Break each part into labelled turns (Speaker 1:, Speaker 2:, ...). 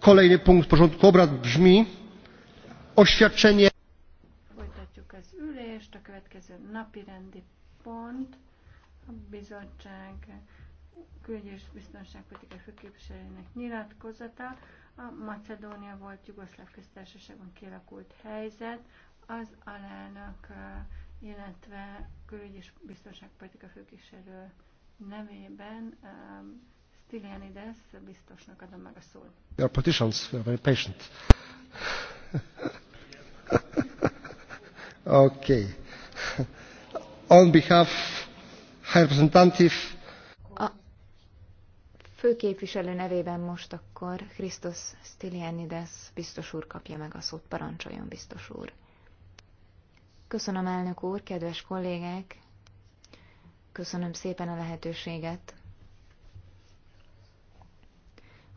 Speaker 1: kolejny punkt porządku obrad brzmi oświadczenie
Speaker 2: folytatjuk az ülést a következő napirendi pont a bizottság külügy biztonságpolitikai főképviselőjének nyilatkozata a Macedónia volt Jugoszláv köztársaságban kialakult helyzet az alelnök illetve külügy biztonságpolitika főképviselő nevében Stylianides biztosnak adom meg a
Speaker 1: szót. Your politicians are very patient. okay. On behalf high representative a
Speaker 3: főképviselő nevében most akkor Krisztus Stylianides biztos úr kapja meg a szót, parancsoljon biztos úr. Köszönöm elnök úr, kedves kollégák, köszönöm szépen a lehetőséget,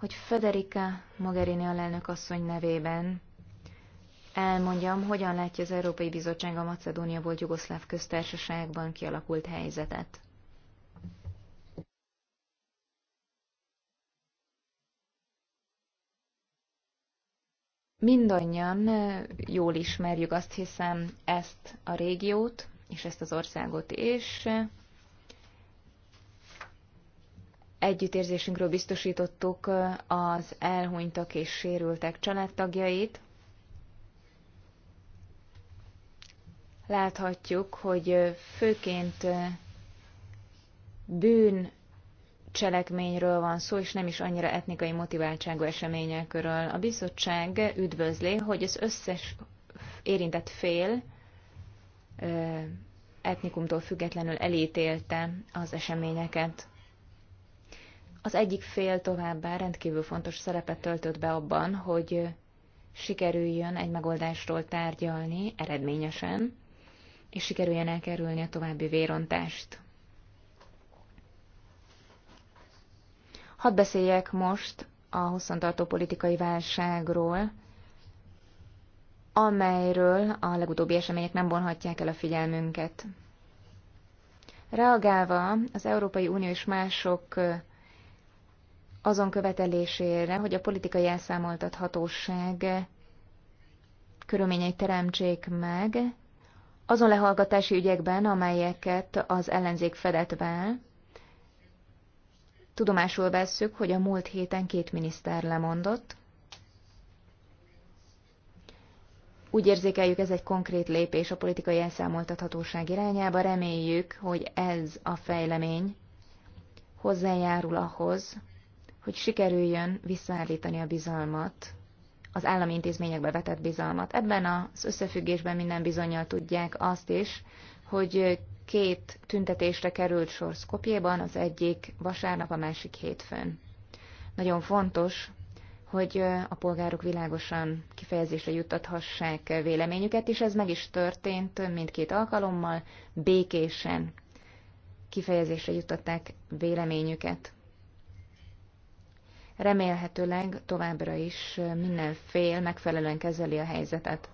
Speaker 3: hogy Federica Mogherini alelnök asszony nevében elmondjam, hogyan látja az Európai Bizottság a Macedónia volt Jugoszláv köztársaságban kialakult helyzetet. Mindannyian jól ismerjük azt hiszem ezt a régiót és ezt az országot, és Együttérzésünkről biztosítottuk az elhunytak és sérültek családtagjait. Láthatjuk, hogy főként bűn cselekményről van szó, és nem is annyira etnikai motiváltságú eseményekről. A bizottság üdvözli, hogy az összes érintett fél etnikumtól függetlenül elítélte az eseményeket. Az egyik fél továbbá rendkívül fontos szerepet töltött be abban, hogy sikerüljön egy megoldásról tárgyalni eredményesen, és sikerüljen elkerülni a további vérontást. Hadd beszéljek most a hosszantartó politikai válságról, amelyről a legutóbbi események nem vonhatják el a figyelmünket. Reagálva az Európai Unió és mások azon követelésére, hogy a politikai elszámoltathatóság körülményeit teremtsék meg, azon lehallgatási ügyekben, amelyeket az ellenzék fedett be, tudomásul vesszük, hogy a múlt héten két miniszter lemondott. Úgy érzékeljük, ez egy konkrét lépés a politikai elszámoltathatóság irányába. Reméljük, hogy ez a fejlemény hozzájárul ahhoz, hogy sikerüljön visszaállítani a bizalmat, az állami intézményekbe vetett bizalmat. Ebben az összefüggésben minden bizonyal tudják azt is, hogy két tüntetésre került sor Szkopjéban, az egyik vasárnap, a másik hétfőn. Nagyon fontos, hogy a polgárok világosan kifejezésre juttathassák véleményüket, és ez meg is történt mindkét alkalommal, békésen kifejezésre juttatták véleményüket. Remélhetőleg továbbra is minden fél megfelelően kezeli a helyzetet.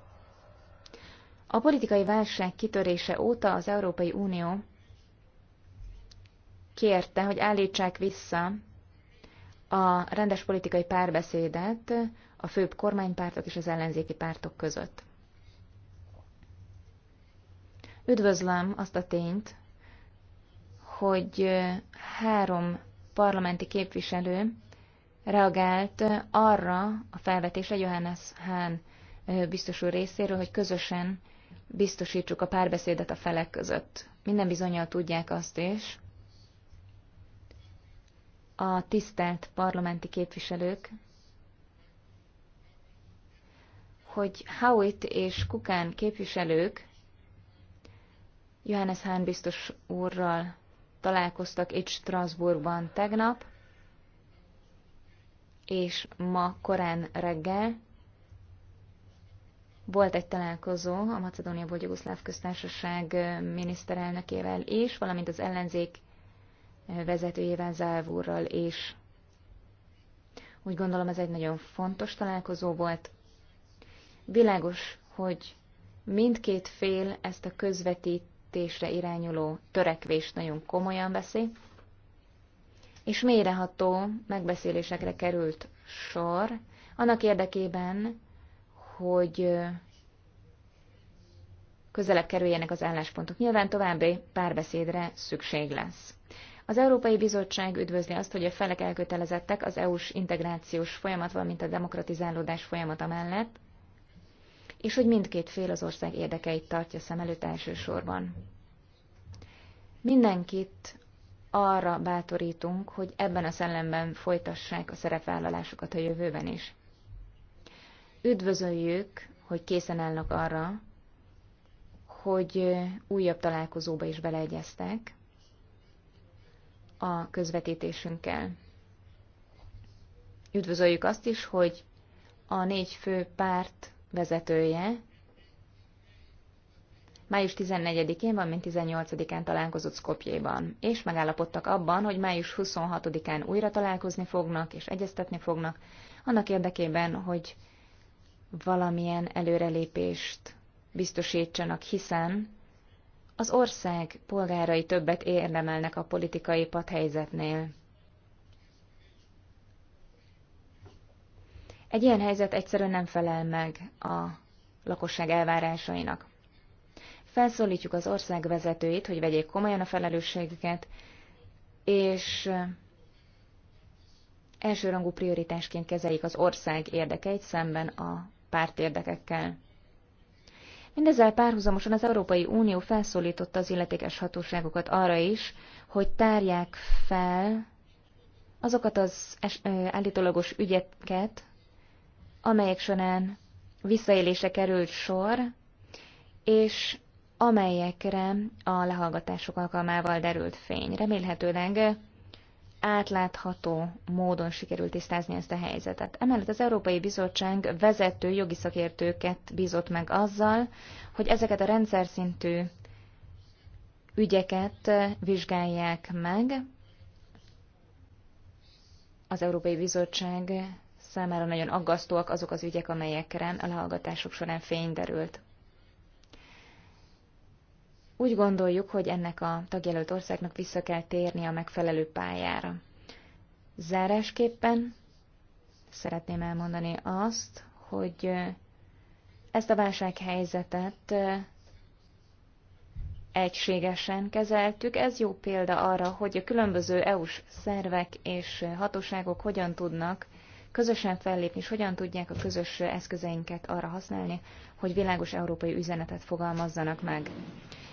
Speaker 3: A politikai válság kitörése óta az Európai Unió kérte, hogy állítsák vissza a rendes politikai párbeszédet a főbb kormánypártok és az ellenzéki pártok között. Üdvözlöm azt a tényt, hogy három parlamenti képviselő reagált arra a felvetésre Johannes Hahn biztos úr részéről, hogy közösen biztosítsuk a párbeszédet a felek között. Minden bizonyal tudják azt is, a tisztelt parlamenti képviselők, hogy Howitt és Kukán képviselők Johannes Hahn biztos úrral találkoztak itt Strasbourgban tegnap, és ma korán reggel volt egy találkozó a Macedónia volt Jugoszláv köztársaság miniszterelnökével is, valamint az ellenzék vezetőjével, Zálvúrral is. Úgy gondolom ez egy nagyon fontos találkozó volt. Világos, hogy mindkét fél ezt a közvetítésre irányuló törekvést nagyon komolyan veszi, és mélyreható megbeszélésekre került sor, annak érdekében, hogy közelebb kerüljenek az álláspontok. Nyilván további párbeszédre szükség lesz. Az Európai Bizottság üdvözli azt, hogy a felek elkötelezettek az EU-s integrációs folyamat, valamint a demokratizálódás folyamata mellett, és hogy mindkét fél az ország érdekeit tartja szem előtt elsősorban. Mindenkit arra bátorítunk, hogy ebben a szellemben folytassák a szerepvállalásukat a jövőben is. Üdvözöljük, hogy készen állnak arra, hogy újabb találkozóba is beleegyeztek a közvetítésünkkel. Üdvözöljük azt is, hogy a négy fő párt vezetője május 14-én, valamint 18-án találkozott Skopjéban, és megállapodtak abban, hogy május 26-án újra találkozni fognak és egyeztetni fognak, annak érdekében, hogy valamilyen előrelépést biztosítsanak, hiszen az ország polgárai többet érdemelnek a politikai padhelyzetnél. Egy ilyen helyzet egyszerűen nem felel meg a lakosság elvárásainak. Felszólítjuk az ország vezetőit, hogy vegyék komolyan a felelősségüket, és eh, elsőrangú prioritásként kezeljék az ország érdekeit szemben a párt érdekekkel. Mindezzel párhuzamosan az Európai Unió felszólította az illetékes hatóságokat arra is, hogy tárják fel azokat az eh, állítólagos ügyeket, amelyek során visszaélése került sor, és amelyekre a lehallgatások alkalmával derült fény. Remélhetőleg átlátható módon sikerült tisztázni ezt a helyzetet. Emellett az Európai Bizottság vezető jogi szakértőket bízott meg azzal, hogy ezeket a rendszer szintű ügyeket vizsgálják meg. Az Európai Bizottság számára nagyon aggasztóak azok az ügyek, amelyekre a lehallgatások során fény derült. Úgy gondoljuk, hogy ennek a tagjelölt országnak vissza kell térni a megfelelő pályára. Zárásképpen szeretném elmondani azt, hogy ezt a válsághelyzetet egységesen kezeltük. Ez jó példa arra, hogy a különböző EU-s szervek és hatóságok hogyan tudnak közösen fellépni, és hogyan tudják a közös eszközeinket arra használni, hogy világos európai üzenetet fogalmazzanak meg.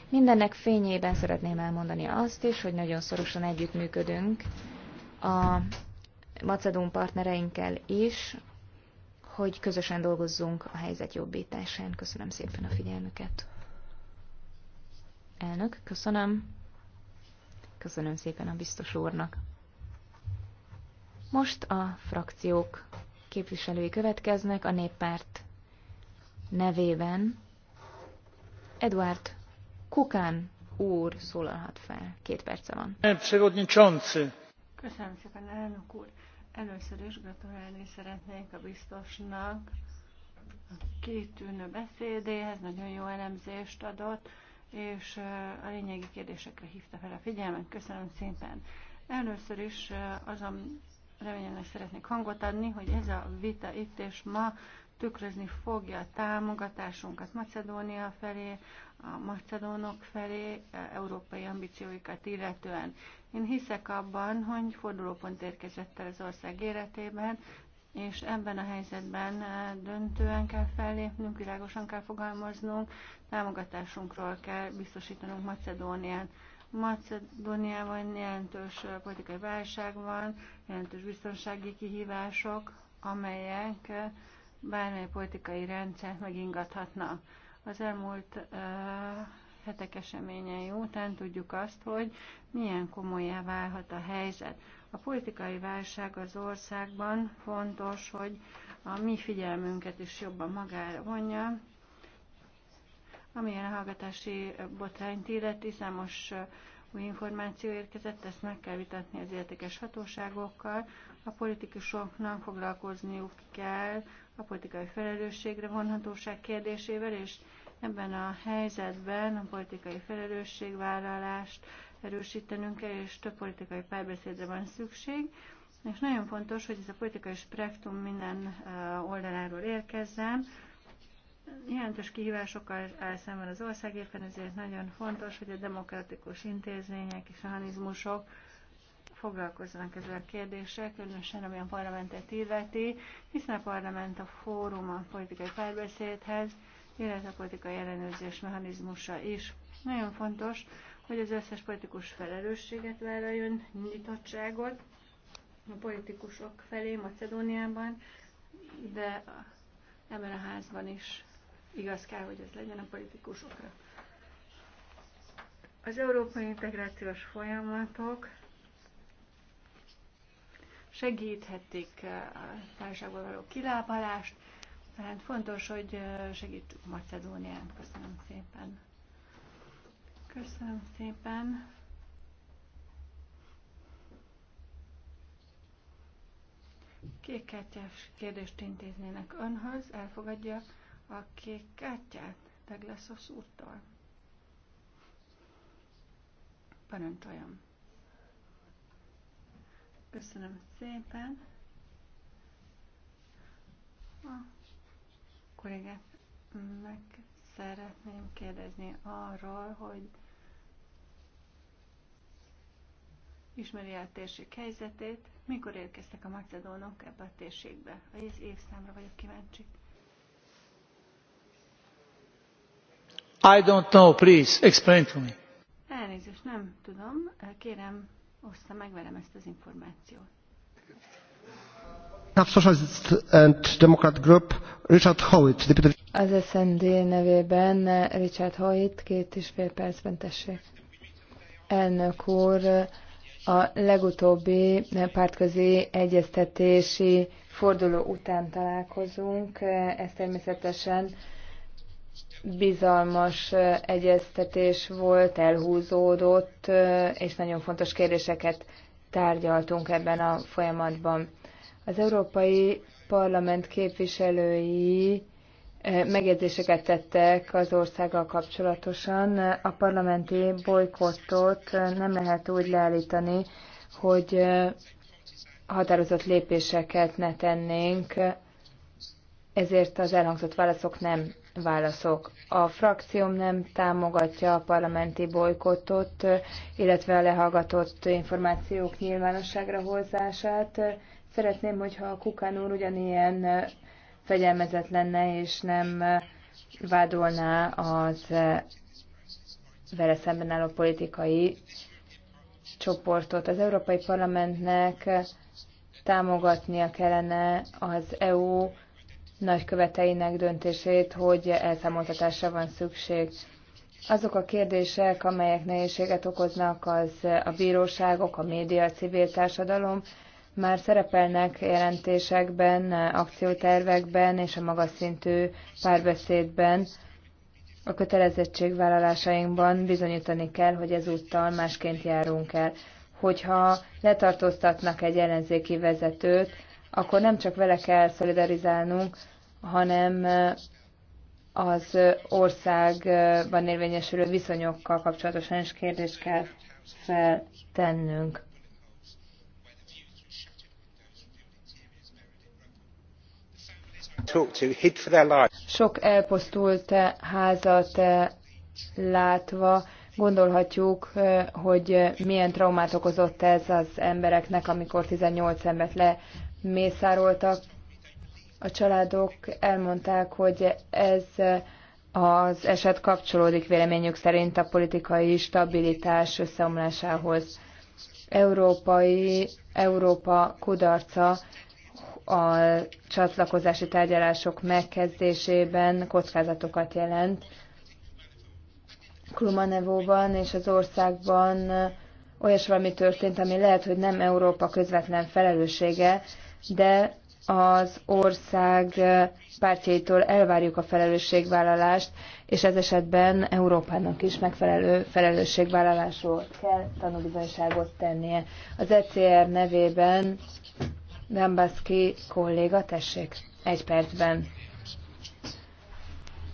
Speaker 3: Mindennek fényében szeretném elmondani azt is, hogy nagyon szorosan együttműködünk a macedón partnereinkkel is, hogy közösen dolgozzunk a helyzet jobbításán. Köszönöm szépen a figyelmüket. Elnök, köszönöm. Köszönöm szépen a biztos úrnak. Most a frakciók képviselői következnek a néppárt nevében. Eduard Kukán úr szólalhat fel. Két perce van.
Speaker 4: Köszönöm
Speaker 2: szépen, elnök úr. Először is gratulálni szeretnék a biztosnak a kitűnő beszédéhez, nagyon jó elemzést adott, és a lényegi kérdésekre hívta fel a figyelmet. Köszönöm szépen. Először is azon reményemnek szeretnék hangot adni, hogy ez a vita itt és ma tükrözni fogja a támogatásunkat Macedónia felé, a macedónok felé, e, európai ambícióikat illetően. Én hiszek abban, hogy fordulópont érkezett el az ország életében, és ebben a helyzetben e, döntően kell fellépnünk, világosan kell fogalmaznunk, támogatásunkról kell biztosítanunk Macedónián. Macedóniában jelentős e, politikai válság van, jelentős biztonsági kihívások, amelyek bármely politikai rendszert megingathatnak. Az elmúlt uh, hetek eseményei után tudjuk azt, hogy milyen komolyá válhat a helyzet. A politikai válság az országban fontos, hogy a mi figyelmünket is jobban magára vonja, amilyen a hallgatási botrányt illeti, számos új információ érkezett, ezt meg kell vitatni az értékes hatóságokkal. A politikusoknak foglalkozniuk kell a politikai felelősségre vonhatóság kérdésével, és Ebben a helyzetben a politikai felelősségvállalást erősítenünk kell, és több politikai párbeszédre van szükség. És nagyon fontos, hogy ez a politikai spektrum minden oldaláról érkezzen. Jelentős kihívásokkal áll szemben az ország, éppen ezért nagyon fontos, hogy a demokratikus intézmények és mechanizmusok foglalkozzanak ezzel a kérdéssel, különösen ami a parlamentet illeti, hiszen a parlament a fórum a politikai párbeszédhez, illetve a ellenőrzés mechanizmusa is. Nagyon fontos, hogy az összes politikus felelősséget vállaljon, nyitottságot a politikusok felé Macedóniában, de ebben a házban is igaz kell, hogy ez legyen a politikusokra. Az európai integrációs folyamatok segíthették a társaságból való kilábalást, tehát fontos, hogy segítsük Macedóniát. Köszönöm szépen. Köszönöm szépen. kártyás kérdést intéznének önhöz. Elfogadja a kék kártyát a úrtól. Parancsoljam. Köszönöm szépen. Ah kollégát meg szeretném kérdezni arról, hogy ismeri a térség helyzetét, mikor érkeztek a macedónok ebbe a térségbe, vagy az évszámra vagyok kíváncsi.
Speaker 1: I don't know, please, explain to me.
Speaker 2: Elnézést, nem tudom. Kérem, ossza meg velem ezt az információt.
Speaker 1: Richard Howitt,
Speaker 5: Az SND nevében eh, Richard Howitt, két és fél percben tessék. Elnök úr, a legutóbbi eh, pártközi egyeztetési forduló után találkozunk. Eh, ez természetesen bizalmas egyeztetés volt, elhúzódott, és nagyon fontos kérdéseket tárgyaltunk ebben a folyamatban. Az Európai Parlament képviselői eh, megjegyzéseket tettek az országgal kapcsolatosan. A parlamenti bolykottot eh, nem lehet úgy leállítani, hogy eh, határozott lépéseket ne tennénk, ezért az elhangzott válaszok nem válaszok. A frakcióm nem támogatja a parlamenti bolykottot, illetve a lehallgatott információk nyilvánosságra hozását. Szeretném, hogyha a Kukán úr ugyanilyen fegyelmezett lenne, és nem vádolná az vele szemben álló politikai csoportot. Az Európai Parlamentnek támogatnia kellene az EU nagyköveteinek döntését, hogy elszámoltatásra van szükség. Azok a kérdések, amelyek nehézséget okoznak, az a bíróságok, a média, a civil társadalom, már szerepelnek jelentésekben, akciótervekben és a magas szintű párbeszédben. A kötelezettségvállalásainkban bizonyítani kell, hogy ezúttal másként járunk el. Hogyha letartóztatnak egy ellenzéki vezetőt, akkor nem csak vele kell szolidarizálnunk, hanem az országban érvényesülő viszonyokkal kapcsolatosan is kérdést kell feltennünk. Sok elpusztult házat eh, látva gondolhatjuk, eh, hogy milyen traumát okozott ez az embereknek, amikor 18 embert lemészároltak. A családok elmondták, hogy ez az eset kapcsolódik véleményük szerint a politikai stabilitás összeomlásához. Európai, Európa kudarca a csatlakozási tárgyalások megkezdésében kockázatokat jelent. Krumanevóban és az országban olyas valami történt, ami lehet, hogy nem Európa közvetlen felelőssége, de az ország pártjaitól elvárjuk a felelősségvállalást, és ez esetben Európának is megfelelő felelősségvállalásról kell tanúbizonyságot tennie. Az ECR nevében Dambaszki kolléga, tessék, egy percben.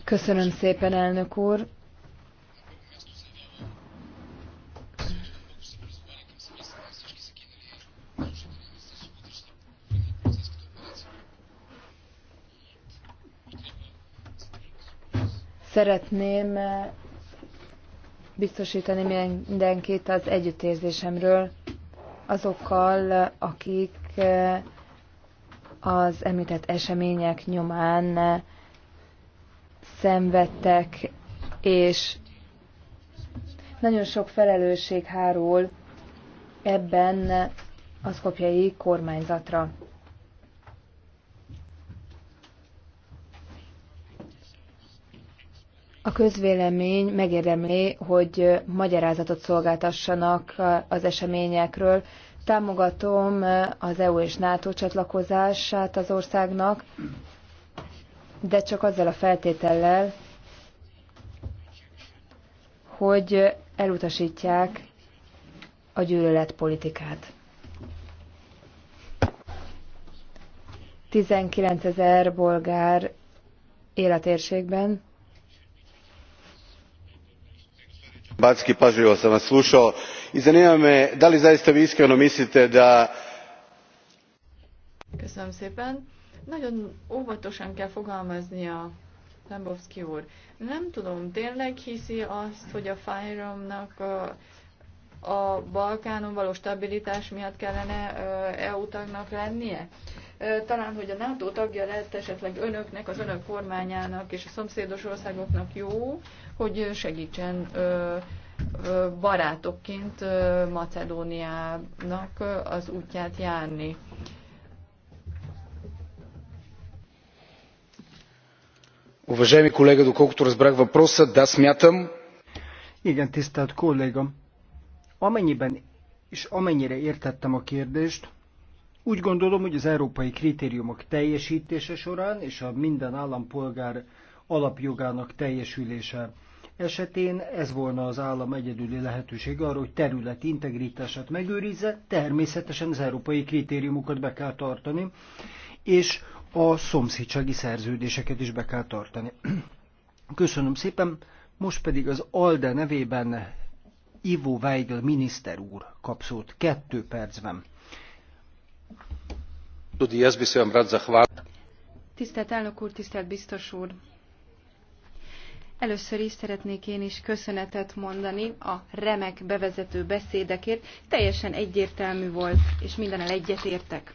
Speaker 5: Köszönöm szépen, elnök úr. Szeretném eh, biztosítani mindenkit az együttérzésemről azokkal, akik az említett események nyomán szenvedtek, és nagyon sok felelősség hárul ebben az szkopjai kormányzatra. A közvélemény megérdemli, hogy magyarázatot szolgáltassanak az eseményekről, Támogatom az EU és NATO csatlakozását az országnak, de csak azzal a feltétellel, hogy elutasítják a gyűlöletpolitikát. 19 ezer bolgár életérségben
Speaker 1: backi pažljivo sam vas slušao i zanima me da li zaista vi iskreno mislite da.
Speaker 6: nagyon óvatosan kell fogalmaznia Lembowski úr. Nem tudom, tényleg hiszi azt, hogy a Fájromnak a, a Balkánon való stabilitás miatt kellene EU tagnak lennie? Talán, hogy a NATO tagja lett esetleg önöknek, az önök kormányának és a szomszédos országoknak jó, hogy segítsen barátokként Macedóniának az útját járni.
Speaker 1: Уважаеми колега, доколкото разбрах въпроса, да,
Speaker 4: смятам. Igen, tisztelt kolléga. Amennyiben és amennyire értettem a kérdést, úgy gondolom, hogy az európai kritériumok teljesítése során és a minden állampolgár alapjogának teljesülése esetén ez volna az állam egyedüli lehetőség arra, hogy területi integritását megőrizze, természetesen az európai kritériumokat be kell tartani, és a szomszédsági szerződéseket is be kell tartani. Köszönöm szépen, most pedig az ALDE nevében Ivo Weigl miniszter úr kap szót kettő percben.
Speaker 7: Tisztelt elnök úr, tisztelt biztos úr! Először is szeretnék én is köszönetet mondani a remek bevezető beszédekért. Teljesen egyértelmű volt, és mindennel egyetértek.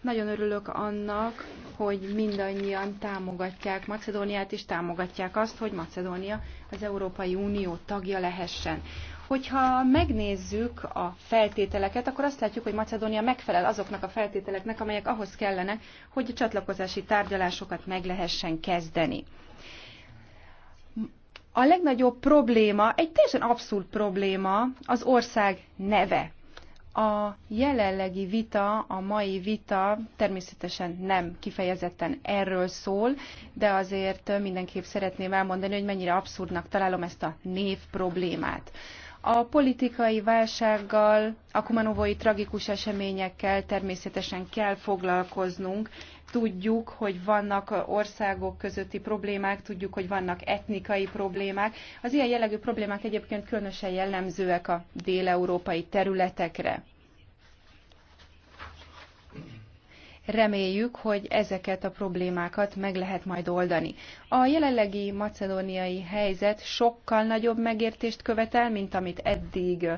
Speaker 7: Nagyon örülök annak, hogy mindannyian támogatják Macedóniát, és támogatják azt, hogy Macedónia az Európai Unió tagja lehessen. Hogyha megnézzük a feltételeket, akkor azt látjuk, hogy Macedónia megfelel azoknak a feltételeknek, amelyek ahhoz kellene, hogy a csatlakozási tárgyalásokat meg lehessen kezdeni. A legnagyobb probléma, egy teljesen abszurd probléma, az ország neve. A jelenlegi vita, a mai vita természetesen nem kifejezetten erről szól, de azért mindenképp szeretném elmondani, hogy mennyire abszurdnak találom ezt a név problémát. A politikai válsággal, a kumanovói tragikus eseményekkel természetesen kell foglalkoznunk. Tudjuk, hogy vannak országok közötti problémák, tudjuk, hogy vannak etnikai problémák. Az ilyen jellegű problémák egyébként különösen jellemzőek a déleurópai területekre. Reméljük, hogy ezeket a problémákat meg lehet majd oldani. A jelenlegi macedóniai helyzet sokkal nagyobb megértést követel, mint amit eddig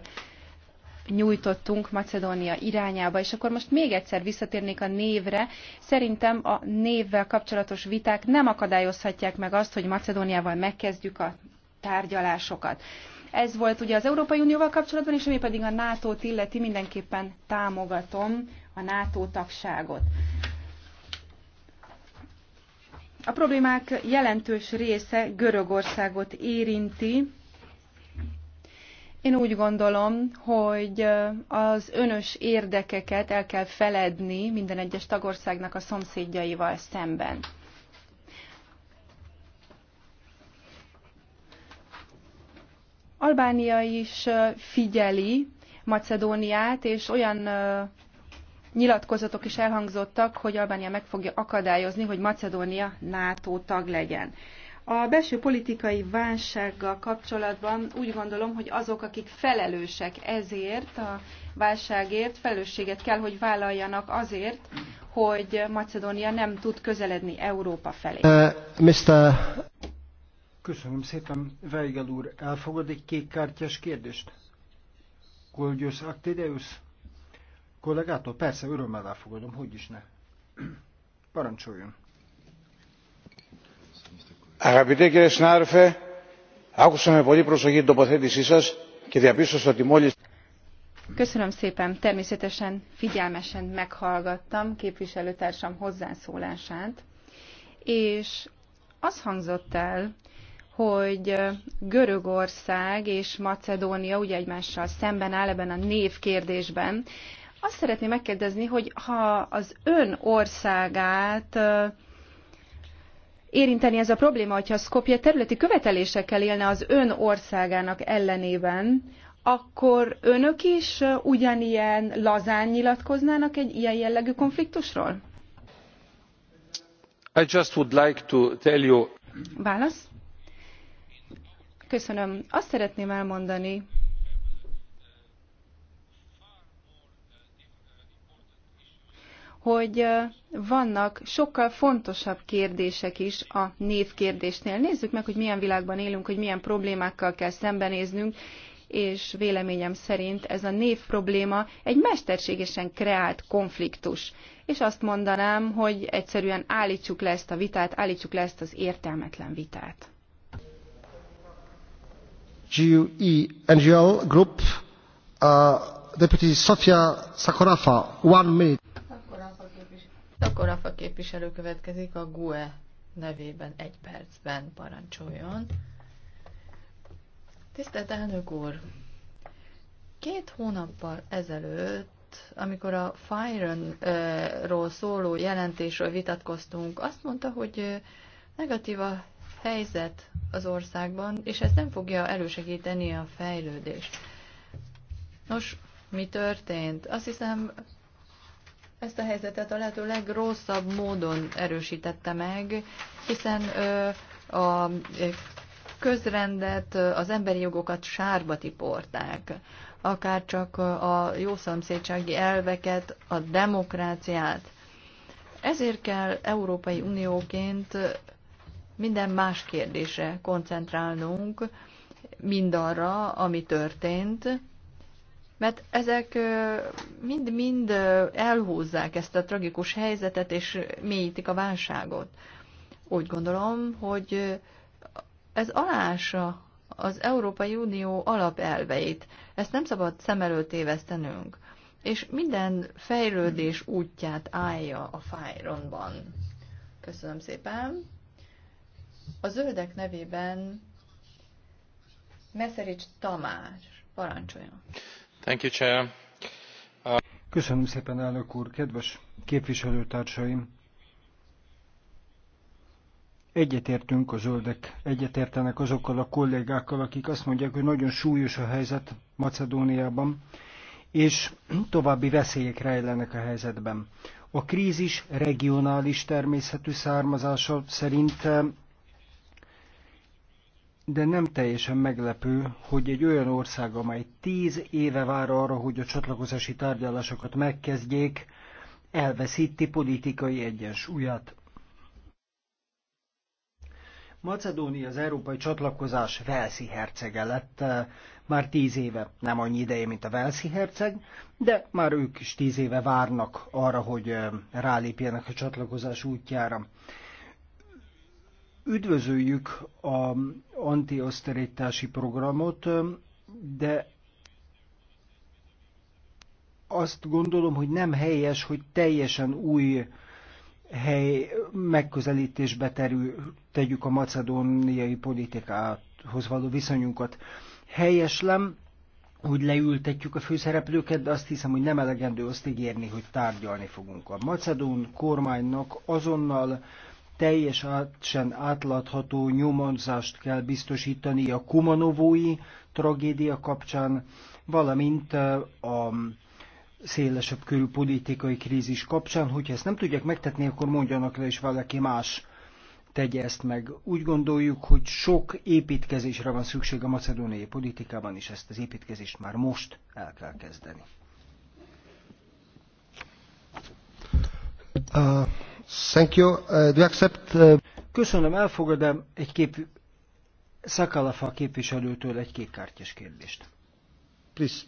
Speaker 7: nyújtottunk Macedónia irányába. És akkor most még egyszer visszatérnék a névre. Szerintem a névvel kapcsolatos viták nem akadályozhatják meg azt, hogy Macedóniával megkezdjük a tárgyalásokat. Ez volt ugye az Európai Unióval kapcsolatban, és ami pedig a NATO-t illeti, mindenképpen támogatom a NATO tagságot. A problémák jelentős része Görögországot érinti. Én úgy gondolom, hogy az önös érdekeket el kell feledni minden egyes tagországnak a szomszédjaival szemben. Albánia is figyeli Macedóniát, és olyan nyilatkozatok is elhangzottak, hogy Albánia meg fogja akadályozni, hogy Macedónia NATO tag legyen. A belső politikai válsággal kapcsolatban úgy gondolom, hogy azok, akik felelősek ezért a válságért, felelősséget kell, hogy vállaljanak azért, hogy Macedónia nem tud közeledni Európa felé. Uh,
Speaker 4: Mr. Köszönöm szépen, Weigel úr. Elfogad egy kékkártyás kérdést? Kolgyos Aktideus? Kollégától? Persze, örömmel elfogadom, hogy is ne. Parancsoljon.
Speaker 2: Αγαπητέ κύριε συνάδελφε, άκουσα με πολύ προσοχή την τοποθέτησή σας και διαπίστωσα ότι μόλις...
Speaker 7: Köszönöm szépen, természetesen figyelmesen meghallgattam képviselőtársam hozzászólását, és az hangzott el, hogy Görögország és Macedónia ugye egymással szemben áll ebben a névkérdésben. Azt szeretném megkérdezni, hogy ha az ön országát érinteni ez a probléma, hogyha Skopje területi követelésekkel élne az ön országának ellenében, akkor önök is ugyanilyen lazán nyilatkoznának egy ilyen jellegű konfliktusról? I just would like to tell you... Válasz? Köszönöm. Azt szeretném elmondani, hogy vannak sokkal fontosabb kérdések is a névkérdésnél. Nézzük meg, hogy milyen világban élünk, hogy milyen problémákkal kell szembenéznünk, és véleményem szerint ez a név probléma egy mesterségesen kreált konfliktus. És azt mondanám, hogy egyszerűen állítsuk le ezt a vitát, állítsuk le ezt az értelmetlen vitát.
Speaker 1: GUE NGL Group, uh, Deputy Sofia Sakorafa, one minute.
Speaker 6: Sakorafa képviselő. következik a GUE nevében egy percben parancsoljon. Tisztelt elnök úr! Két hónappal ezelőtt, amikor a Fire-ról szóló jelentésről vitatkoztunk, azt mondta, hogy negatív a helyzet az országban, és ez nem fogja elősegíteni a fejlődést. Nos, mi történt? Azt hiszem, ezt a helyzetet a lehető legrosszabb módon erősítette meg, hiszen ö, a közrendet, az emberi jogokat sárba tiporták, akár csak a jószomszédsági elveket, a demokráciát. Ezért kell Európai Unióként minden más kérdésre koncentrálnunk, mindarra, ami történt, mert ezek mind-mind elhúzzák ezt a tragikus helyzetet, és mélyítik a válságot. Úgy gondolom, hogy ez alása az Európai Unió alapelveit. Ezt nem szabad szem előtt évesztenünk. És minden fejlődés útját állja a fájronban. Köszönöm szépen! A zöldek nevében Meszerics Tamás, parancsoljon.
Speaker 7: Thank you, Chair.
Speaker 4: Uh... Köszönöm szépen, elnök úr, kedves képviselőtársaim! Egyetértünk a zöldek, egyetértenek azokkal a kollégákkal, akik azt mondják, hogy nagyon súlyos a helyzet Macedóniában, és további veszélyek rejlenek a helyzetben. A krízis regionális természetű származása szerint de nem teljesen meglepő, hogy egy olyan ország, amely tíz éve vár arra, hogy a csatlakozási tárgyalásokat megkezdjék, elveszíti politikai egyensúlyát. Macedónia az európai csatlakozás Velszi hercege lett már tíz éve, nem annyi ideje, mint a Velszi herceg, de már ők is tíz éve várnak arra, hogy rálépjenek a csatlakozás útjára. Üdvözöljük a antiaszterítási programot, de azt gondolom, hogy nem helyes, hogy teljesen új hely megközelítésbe terül, tegyük a macedóniai politikához való viszonyunkat. Helyeslem, hogy leültetjük a főszereplőket, de azt hiszem, hogy nem elegendő azt ígérni, hogy tárgyalni fogunk. A macedón kormánynak azonnal teljesen átlátható nyomonzást kell biztosítani a Kumanovói tragédia kapcsán, valamint a szélesebb körű politikai krízis kapcsán. Hogyha ezt nem tudják megtetni, akkor mondjanak le, is valaki más tegye ezt meg. Úgy gondoljuk, hogy sok építkezésre van szükség a macedóniai politikában, és ezt az építkezést már most el kell kezdeni. Uh...
Speaker 1: Thank you. Uh, do you accept, uh...
Speaker 4: Köszönöm, elfogadom egy kép... Szakalafa képviselőtől egy kékkártyás kérdést. Please.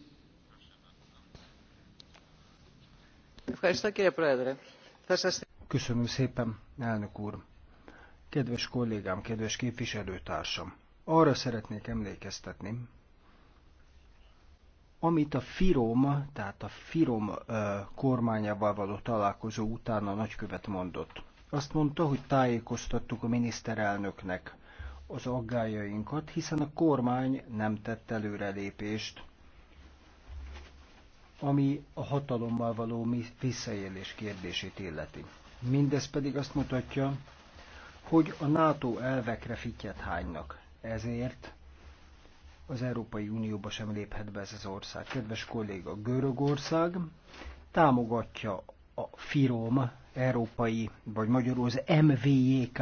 Speaker 4: Köszönöm szépen, elnök úr. Kedves kollégám, kedves képviselőtársam, arra szeretnék emlékeztetni, amit a FIROM, tehát a FIROM kormányával való találkozó után a nagykövet mondott. Azt mondta, hogy tájékoztattuk a miniszterelnöknek az aggájainkat, hiszen a kormány nem tett előrelépést, ami a hatalommal való visszaélés kérdését illeti. Mindez pedig azt mutatja, hogy a NATO elvekre fityet hánynak. Ezért az Európai Unióba sem léphet be ez az ország. Kedves kolléga, Görögország támogatja a FIROM, európai, vagy magyarul az MVJK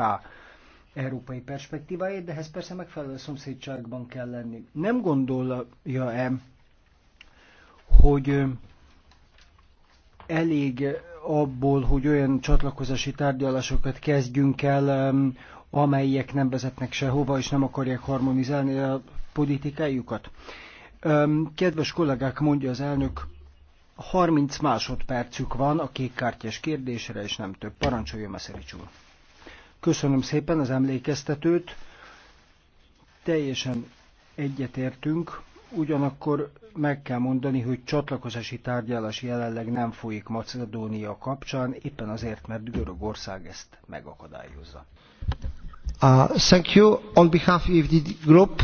Speaker 4: európai perspektíváját, de ehhez persze megfelelő szomszédságban kell lenni. Nem gondolja-e, hogy elég abból, hogy olyan csatlakozási tárgyalásokat kezdjünk el, amelyek nem vezetnek sehova, és nem akarják harmonizálni a politikájukat. Kedves kollégák, mondja az elnök, 30 másodpercük van a kékkártyás kérdésre, és nem több. Parancsoljon, Meszerics úr. Köszönöm szépen az emlékeztetőt. Teljesen egyetértünk, ugyanakkor meg kell mondani, hogy csatlakozási tárgyalás jelenleg nem folyik Macedónia kapcsán, éppen azért, mert Görögország ezt megakadályozza.
Speaker 1: Uh, thank you on behalf of the group.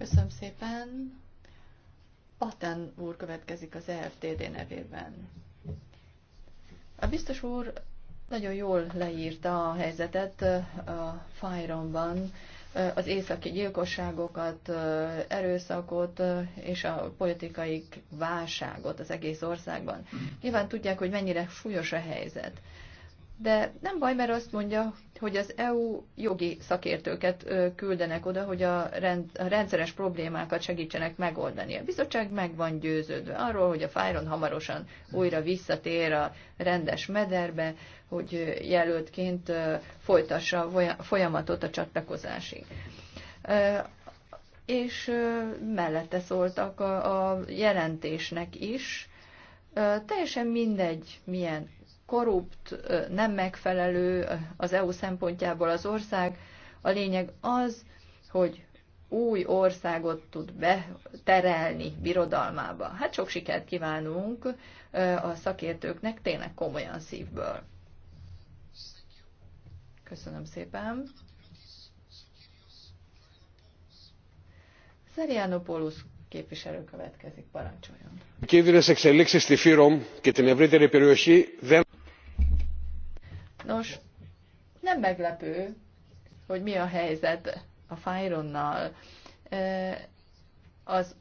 Speaker 6: Köszönöm szépen. Paten úr következik az EFTD nevében. A biztos úr nagyon jól leírta a helyzetet a Fajronban, az északi gyilkosságokat, erőszakot és a politikai válságot az egész országban. Nyilván tudják, hogy mennyire súlyos a helyzet de nem baj, mert azt mondja, hogy az EU jogi szakértőket küldenek oda, hogy a, rendszeres problémákat segítsenek megoldani. A bizottság meg van győződve arról, hogy a Fájron hamarosan újra visszatér a rendes mederbe, hogy jelöltként folytassa a folyamatot a csatlakozásig. És mellette szóltak a, a jelentésnek is. Teljesen mindegy, milyen korrupt, nem megfelelő az EU szempontjából az ország. A lényeg az, hogy új országot tud beterelni birodalmába. Hát sok sikert kívánunk a szakértőknek, tényleg komolyan szívből. Köszönöm szépen. Szerianopoulos képviselő következik, parancsoljon.
Speaker 2: Κίνδυνες εξελίξεις στη Φύρομ και την
Speaker 6: Nos, nem meglepő, hogy mi a helyzet a Fajronnal, Az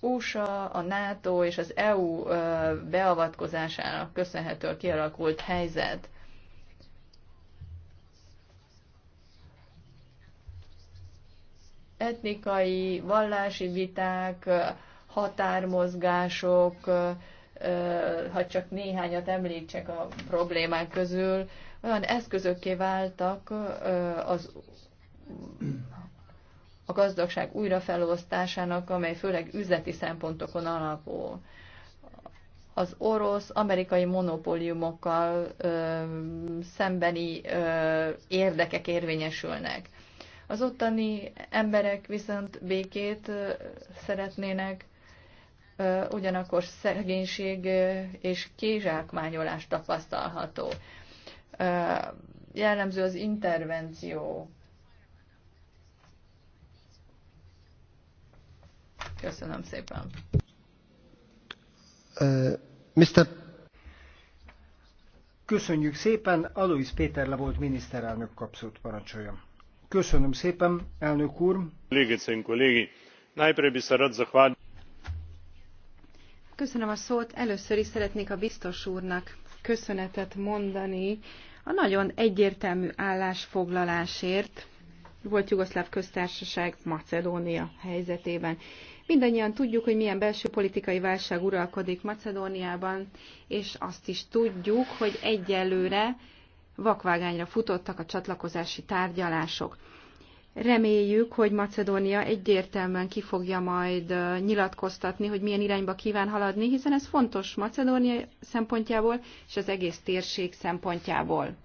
Speaker 6: USA, a NATO és az EU beavatkozásának köszönhető a kialakult helyzet. Etnikai, vallási viták, határmozgások, ha csak néhányat említsek a problémák közül, olyan eszközökké váltak az a gazdagság újrafelosztásának, amely főleg üzleti szempontokon alapul. Az orosz-amerikai monopóliumokkal ö, szembeni ö, érdekek érvényesülnek. Az ottani emberek viszont békét ö, szeretnének, ö, ugyanakkor szegénység és kézsákmányolás tapasztalható jellemző az intervenció. Köszönöm szépen.
Speaker 1: Uh, Mr.
Speaker 4: Köszönjük szépen, Alois Péter le volt miniszterelnök kapszót parancsolja. Köszönöm szépen, elnök úr.
Speaker 7: Köszönöm a szót. Először is szeretnék a biztos úrnak köszönetet mondani a nagyon egyértelmű állásfoglalásért volt Jugoszláv köztársaság Macedónia helyzetében. Mindannyian tudjuk, hogy milyen belső politikai válság uralkodik Macedóniában, és azt is tudjuk, hogy egyelőre vakvágányra futottak a csatlakozási tárgyalások. Reméljük, hogy Macedónia egyértelműen ki fogja majd nyilatkoztatni, hogy milyen irányba kíván haladni, hiszen ez fontos Macedónia szempontjából és az egész térség szempontjából.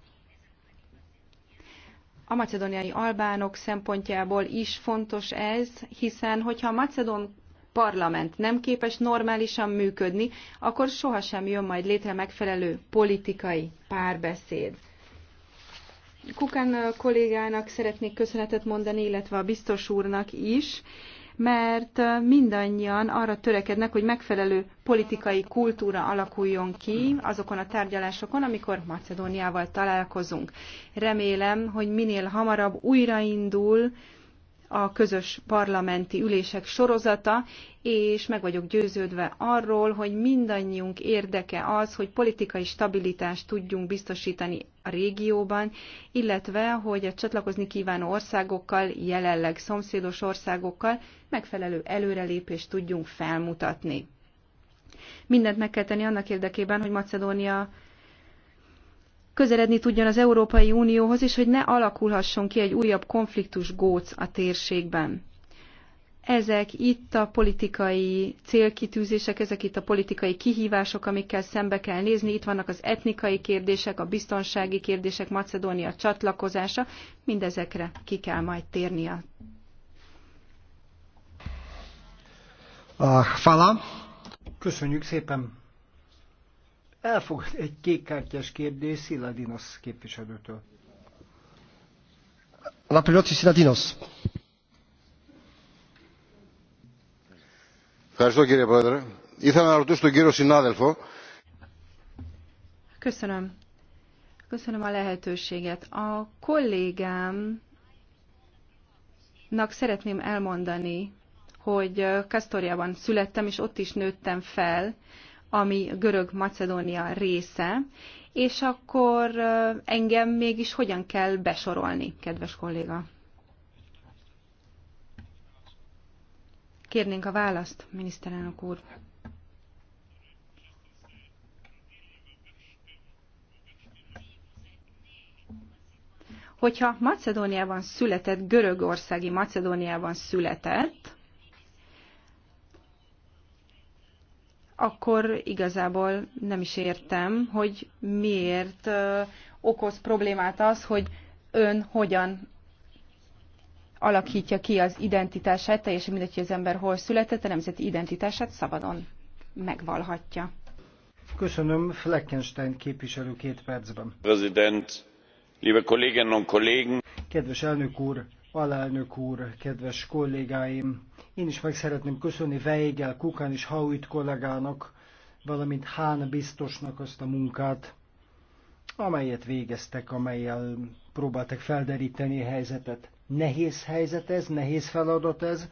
Speaker 7: A macedóniai albánok szempontjából is fontos ez, hiszen hogyha a macedón parlament nem képes normálisan működni, akkor sohasem jön majd létre megfelelő politikai párbeszéd. Kukán kollégának szeretnék köszönetet mondani, illetve a biztos úrnak is, mert mindannyian arra törekednek, hogy megfelelő politikai kultúra alakuljon ki azokon a tárgyalásokon, amikor Macedóniával találkozunk. Remélem, hogy minél hamarabb újraindul a közös parlamenti ülések sorozata, és meg vagyok győződve arról, hogy mindannyiunk érdeke az, hogy politikai stabilitást tudjunk biztosítani a régióban, illetve hogy a csatlakozni kívánó országokkal, jelenleg szomszédos országokkal megfelelő előrelépést tudjunk felmutatni. Mindent meg kell tenni annak érdekében, hogy Macedónia közeledni tudjon az Európai Unióhoz, és hogy ne alakulhasson ki egy újabb konfliktus góc a térségben. Ezek itt a politikai célkitűzések, ezek itt a politikai kihívások, amikkel szembe kell nézni. Itt vannak az etnikai kérdések, a biztonsági kérdések, Macedónia csatlakozása. Mindezekre ki kell majd térnie.
Speaker 1: Uh, fala.
Speaker 4: Köszönjük szépen. Elfogad egy kékkártyás kérdés Sziladinos képviselőtől.
Speaker 1: Lapiroti Sziladinos. Köszönöm, κύριε Πρόεδρε. Ήθελα να ρωτήσω τον κύριο συνάδελφο.
Speaker 7: Köszönöm. Köszönöm a lehetőséget. A kollégámnak szeretném elmondani, hogy Kastoriában születtem, és ott is nőttem fel, ami Görög-Macedónia része, és akkor engem mégis hogyan kell besorolni, kedves kolléga? Kérnénk a választ, miniszterelnök úr. Hogyha Macedóniában született, Görögországi Macedóniában született, akkor igazából nem is értem, hogy miért okoz problémát az, hogy ön hogyan alakítja ki az identitását, teljesen mindegy, hogy az ember hol született, a nemzeti identitását szabadon
Speaker 4: megvalhatja. Köszönöm, Fleckenstein képviselő két percben.
Speaker 2: Prezident, liebe Kolleginnen und Kollegen!
Speaker 4: Kedves elnök úr, alelnök úr, kedves kollégáim! Én is meg szeretném köszönni Weigel, Kukán és Hauit kollégának, valamint Hán biztosnak azt a munkát, amelyet végeztek, amelyel próbáltak felderíteni a helyzetet. Nehéz helyzet ez, nehéz feladat ez,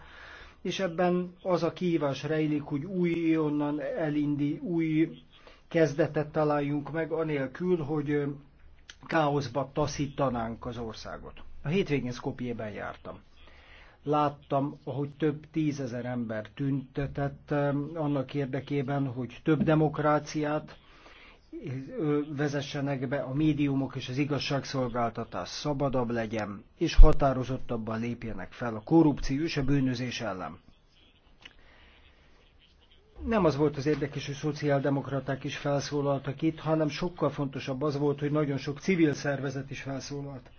Speaker 4: és ebben az a kihívás rejlik, hogy újonnan elindi, új kezdetet találjunk meg, anélkül, hogy káoszba taszítanánk az országot. A hétvégén Skopjében jártam láttam, ahogy több tízezer ember tüntetett annak érdekében, hogy több demokráciát eh, vezessenek be, a médiumok és az igazságszolgáltatás szabadabb legyen, és határozottabban lépjenek fel a korrupció és a bűnözés ellen. Nem az volt az érdekes, hogy szociáldemokraták is felszólaltak itt, hanem sokkal fontosabb az volt, hogy nagyon sok civil szervezet is felszólalt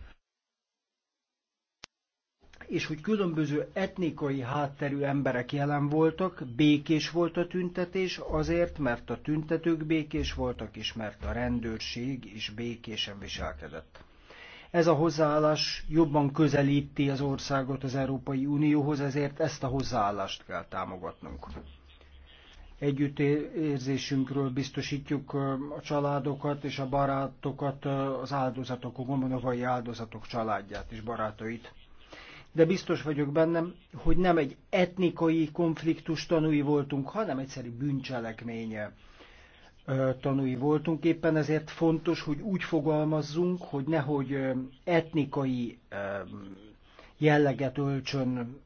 Speaker 4: és hogy különböző etnikai hátterű emberek jelen voltak, békés volt a tüntetés, azért, mert a tüntetők békés voltak, és mert a rendőrség is békésen viselkedett. Ez a hozzáállás jobban közelíti az országot az Európai Unióhoz, ezért ezt a hozzáállást kell támogatnunk. Együttérzésünkről biztosítjuk a családokat és a barátokat, az áldozatok, a gomonovai áldozatok családját és barátait de biztos vagyok bennem, hogy nem egy etnikai konfliktus tanúi voltunk, hanem egyszerű bűncselekménye tanúi voltunk. Éppen ezért fontos, hogy úgy fogalmazzunk, hogy nehogy etnikai jelleget ölcsön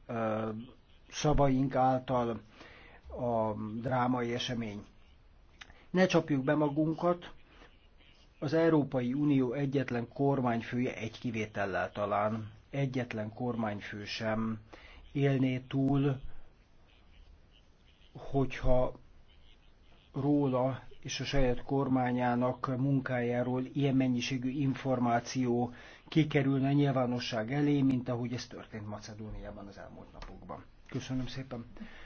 Speaker 4: szavaink által a drámai esemény. Ne csapjuk be magunkat, az Európai Unió egyetlen kormányfője egy kivétellel talán egyetlen kormányfő sem élné túl, hogyha róla és a saját kormányának munkájáról ilyen mennyiségű információ kikerülne nyilvánosság elé, mint ahogy ez történt Macedóniában az elmúlt napokban. Köszönöm szépen.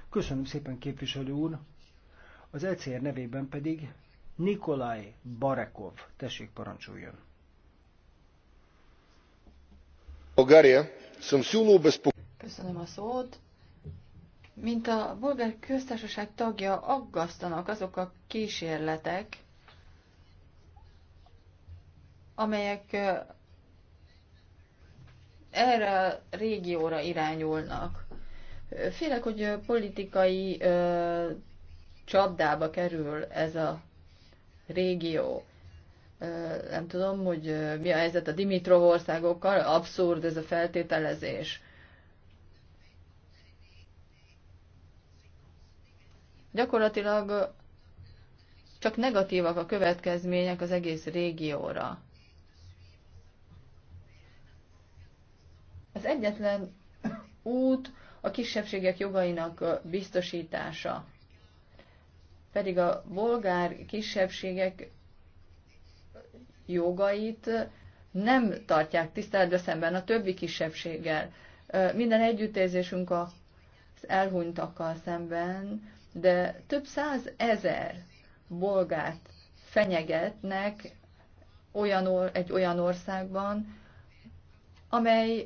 Speaker 4: Köszönöm szépen, képviselő úr. Az ECR nevében pedig Nikolaj Barekov, tessék parancsoljon.
Speaker 6: Mint a bolgár köztársaság tagja, aggasztanak azok a kísérletek, amelyek erre a régióra irányulnak. Félek, hogy politikai ö, csapdába kerül ez a régió nem tudom, hogy mi a helyzet a Dimitrov országokkal, abszurd ez a feltételezés. Gyakorlatilag csak negatívak a következmények az egész régióra. Az egyetlen út a kisebbségek jogainak biztosítása. Pedig a bolgár kisebbségek jogait nem tartják tiszteletbe szemben a többi kisebbséggel. Minden együttérzésünk az elhunytakkal szemben, de több száz ezer bolgát fenyegetnek olyan, egy olyan országban, amely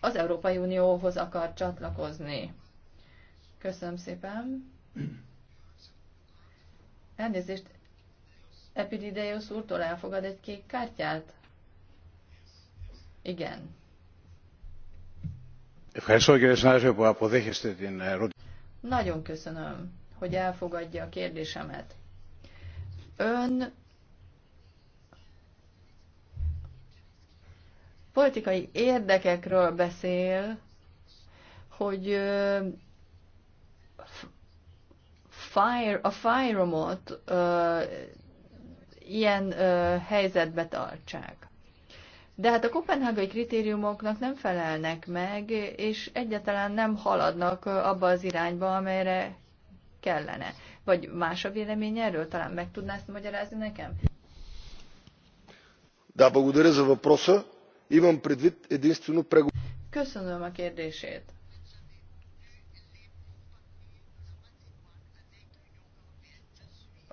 Speaker 6: az Európai Unióhoz akar csatlakozni. Köszönöm szépen. Elnézést, Epidideios úrtól elfogad egy kék kártyát? Igen. Nagyon köszönöm, hogy elfogadja a kérdésemet. Ön politikai érdekekről beszél, hogy fire, a firemot ilyen ö, helyzetbe tartsák. De hát a kopenhágai kritériumoknak nem felelnek meg, és egyáltalán nem haladnak abba az irányba, amelyre kellene. Vagy más a vélemény erről? Talán meg tudná ezt magyarázni nekem? Köszönöm a kérdését.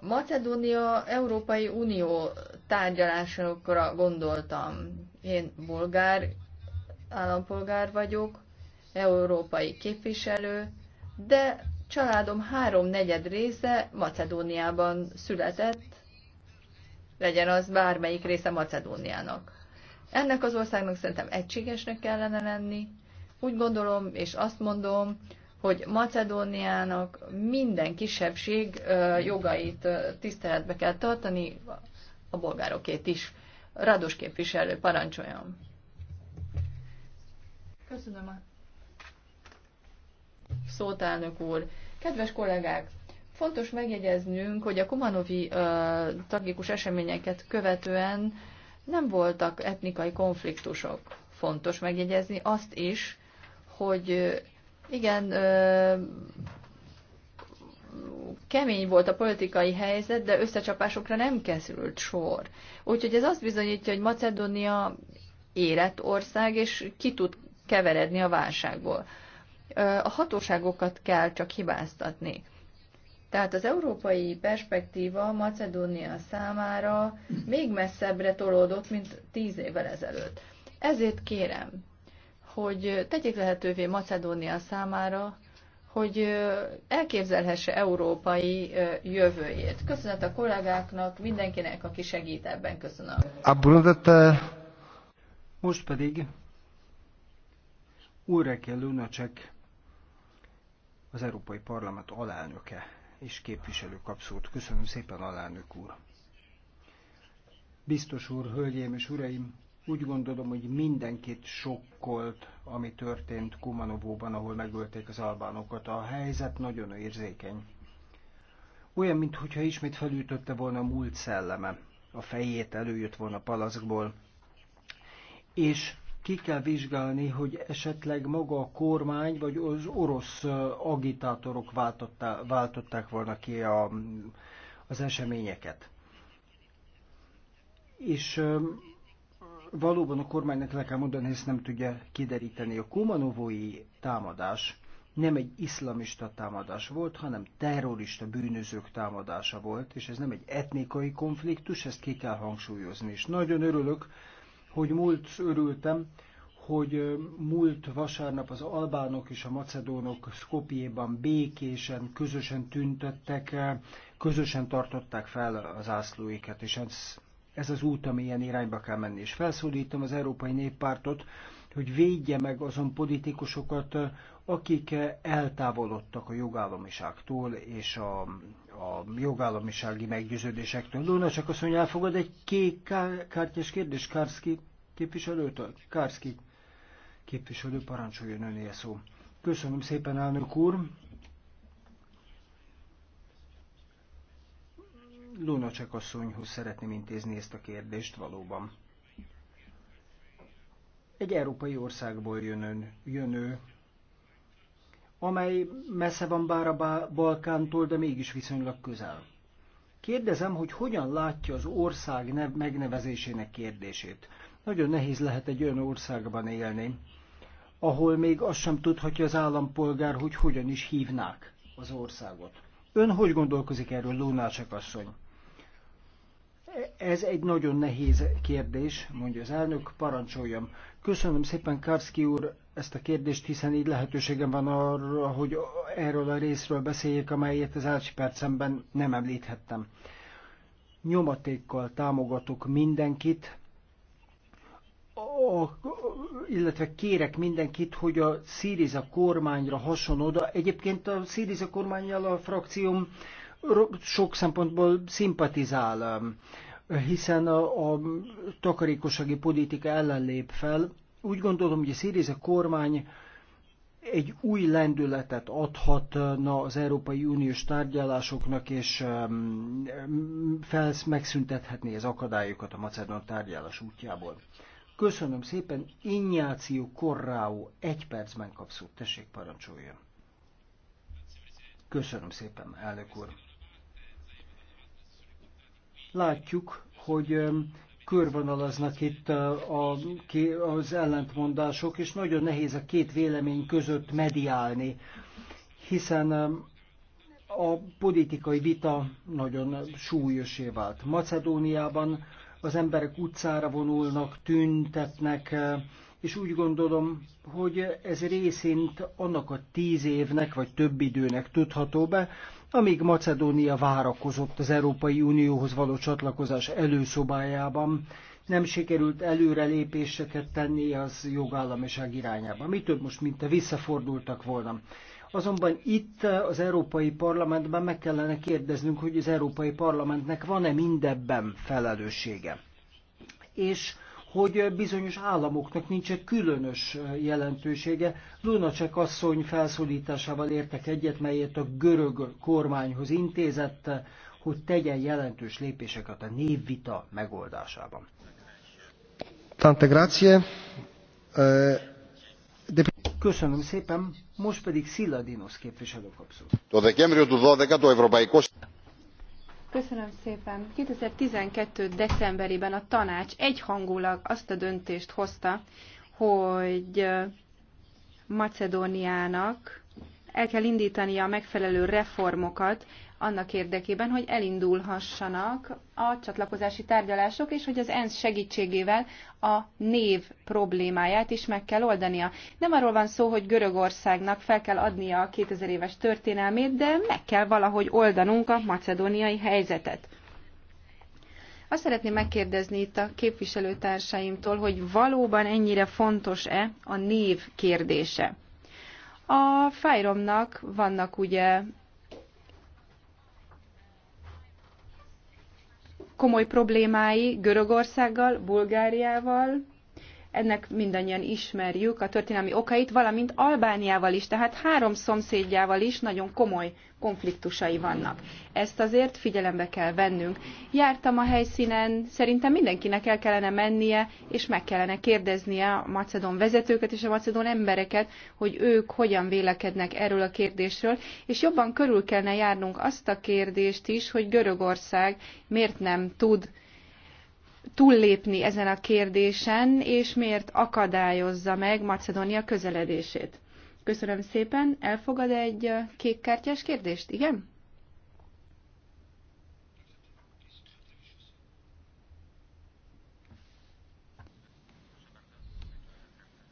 Speaker 6: Macedónia Európai Unió tárgyalásokra gondoltam. Én bolgár állampolgár vagyok, európai képviselő, de családom háromnegyed része Macedóniában született, legyen az bármelyik része Macedóniának. Ennek az országnak szerintem egységesnek kellene lenni. Úgy gondolom, és azt mondom, hogy Macedóniának minden kisebbség jogait tiszteletbe kell tartani, a bolgárokét is. Rados képviselő, parancsoljon! Köszönöm a szót, elnök úr. Kedves kollégák, fontos megjegyeznünk, hogy a kumanovi uh, tragikus eseményeket követően nem voltak etnikai konfliktusok. Fontos megjegyezni azt is, hogy igen, kemény volt a politikai helyzet, de összecsapásokra nem került sor. Úgyhogy ez azt bizonyítja, hogy Macedónia érett ország, és ki tud keveredni a válságból. A hatóságokat kell csak hibáztatni. Tehát az európai perspektíva Macedónia számára még messzebbre tolódott, mint tíz évvel ezelőtt. Ezért kérem, hogy tegyék lehetővé Macedónia számára, hogy elképzelhesse európai
Speaker 4: jövőjét.
Speaker 6: Köszönet a kollégáknak, mindenkinek, aki segít ebben. Köszönöm.
Speaker 4: Most pedig Ulrike Lunacek, az Európai Parlament alelnöke és képviselő kapszót. Köszönöm szépen, alelnök úr! Biztos úr, hölgyeim és uraim! Úgy gondolom, hogy mindenkit sokkolt, ami történt Kumanovóban, ahol megölték az albánokat. A helyzet nagyon érzékeny. Olyan, mintha ismét felütötte volna a múlt szelleme, a fejét előjött volna a palaszkból. És ki kell vizsgálni, hogy esetleg maga a kormány vagy az orosz agitátorok váltották, váltották volna ki a, az eseményeket. És valóban a kormánynak le kell mondani, ezt nem tudja kideríteni. A kumanovói támadás nem egy iszlamista támadás volt, hanem terrorista bűnözők támadása volt, és ez nem egy etnikai konfliktus, ezt ki kell hangsúlyozni. És nagyon örülök, hogy múlt örültem, hogy múlt vasárnap az albánok és a macedónok Skopjéban békésen, közösen tüntettek, közösen tartották fel az ászlóikat, és ez ez az út, amilyen irányba kell menni. És felszólítom az Európai Néppártot, hogy védje meg azon politikusokat, akik eltávolodtak a jogállamiságtól és a, a jogállamisági meggyőződésektől. Lóna csak azt mondja, elfogad egy kék kártyás kérdés Kárszki képviselőtől. Kárszki képviselő parancsoljon önél szó. Köszönöm szépen, elnök úr! Lunacek asszonyhoz szeretném intézni ezt a kérdést valóban. Egy európai országból jön jönő, amely messze van bár a Balkántól, de mégis viszonylag közel. Kérdezem, hogy hogyan látja az ország nev- megnevezésének kérdését. Nagyon nehéz lehet egy olyan országban élni, ahol még azt sem tudhatja az állampolgár, hogy hogyan is hívnák az országot. Ön hogy gondolkozik erről, Lónácsek asszony? Ez egy nagyon nehéz kérdés, mondja az elnök, parancsoljam. Köszönöm szépen, Karski úr, ezt a kérdést, hiszen így lehetőségem van arra, hogy erről a részről beszéljek, amelyet az első percemben nem említhettem. Nyomatékkal támogatok mindenkit, a, illetve kérek mindenkit, hogy a Szíriza kormányra hason oda. Egyébként a Szíriza kormányjal a frakcióm sok szempontból szimpatizál, um, hiszen a, a takarékossági politika ellen lép fel. Úgy gondolom, hogy a Szíriza kormány egy új lendületet adhatna az Európai Uniós tárgyalásoknak, és um, felsz megszüntethetné az akadályokat a macedon tárgyalás útjából. Köszönöm szépen, Ignáció Korráó egy percben kapsz tessék parancsoljon. Köszönöm szépen, elnök úr. Látjuk, hogy körvonalaznak itt a, az ellentmondások, és nagyon nehéz a két vélemény között mediálni, hiszen a politikai vita nagyon súlyosé vált. Macedóniában az emberek utcára vonulnak, tüntetnek, és úgy gondolom, hogy ez részint annak a tíz évnek vagy több időnek tudható be, amíg Macedónia várakozott az Európai Unióhoz való csatlakozás előszobájában, nem sikerült előrelépéseket tenni az jogállamiság irányába. Mi több most, mint a visszafordultak volna. Azonban itt az Európai Parlamentben meg kellene kérdeznünk, hogy az Európai Parlamentnek van-e mindebben felelőssége. És hogy bizonyos államoknak nincs egy különös jelentősége. Lunacek asszony felszólításával értek egyet, melyet a görög kormányhoz intézett, hogy tegyen jelentős lépéseket a névvita megoldásában. Tante grazie. De... Köszönöm szépen, most pedig Sziladinos képviselő kapszul.
Speaker 7: Köszönöm szépen. 2012. decemberében a tanács egyhangulag azt a döntést hozta, hogy Macedóniának el kell indítania a megfelelő reformokat, annak érdekében, hogy elindulhassanak a csatlakozási tárgyalások, és hogy az ENSZ segítségével a név problémáját is meg kell oldania. Nem arról van szó, hogy Görögországnak fel kell adnia a 2000 éves történelmét, de meg kell valahogy oldanunk a macedóniai helyzetet. Azt szeretném megkérdezni itt a képviselőtársaimtól, hogy valóban ennyire fontos-e a név kérdése. A fájromnak vannak ugye komoly problémái Görögországgal, Bulgáriával, ennek mindannyian ismerjük a történelmi okait, valamint Albániával is, tehát három szomszédjával is nagyon komoly konfliktusai vannak. Ezt azért figyelembe kell vennünk. Jártam a helyszínen, szerintem mindenkinek el kellene mennie, és meg kellene kérdeznie a macedón vezetőket és a macedón embereket, hogy ők hogyan vélekednek erről a kérdésről, és jobban körül kellene járnunk azt a kérdést is, hogy Görögország miért nem tud túllépni ezen a kérdésen, és miért akadályozza meg Macedónia közeledését. Köszönöm szépen. Elfogad egy kékkártyás kérdést? Igen?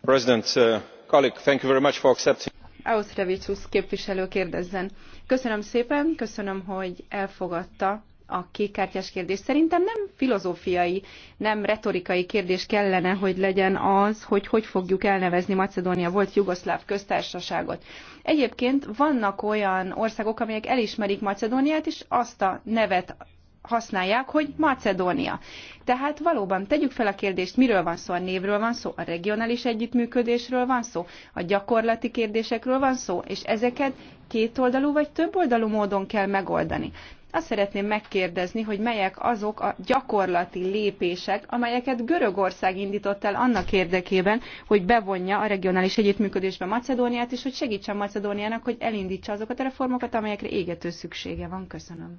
Speaker 1: President, uh, colleague, thank you very much for accepting.
Speaker 7: Ausztrevicius képviselő kérdezzen. Köszönöm szépen, köszönöm, hogy elfogadta a kékkártyás kérdés. Szerintem nem filozófiai, nem retorikai kérdés kellene, hogy legyen az, hogy hogy fogjuk elnevezni Macedónia volt jugoszláv köztársaságot. Egyébként vannak olyan országok, amelyek elismerik Macedóniát, és azt a nevet használják, hogy Macedónia. Tehát valóban tegyük fel a kérdést, miről van szó, a névről van szó, a regionális együttműködésről van szó, a gyakorlati kérdésekről van szó, és ezeket kétoldalú vagy többoldalú módon kell megoldani. Azt szeretném megkérdezni, hogy melyek azok a gyakorlati lépések, amelyeket Görögország indított el annak érdekében, hogy bevonja a regionális együttműködésbe Macedóniát, és hogy segítsen Macedóniának, hogy elindítsa azokat a reformokat, amelyekre égető szüksége van. Köszönöm.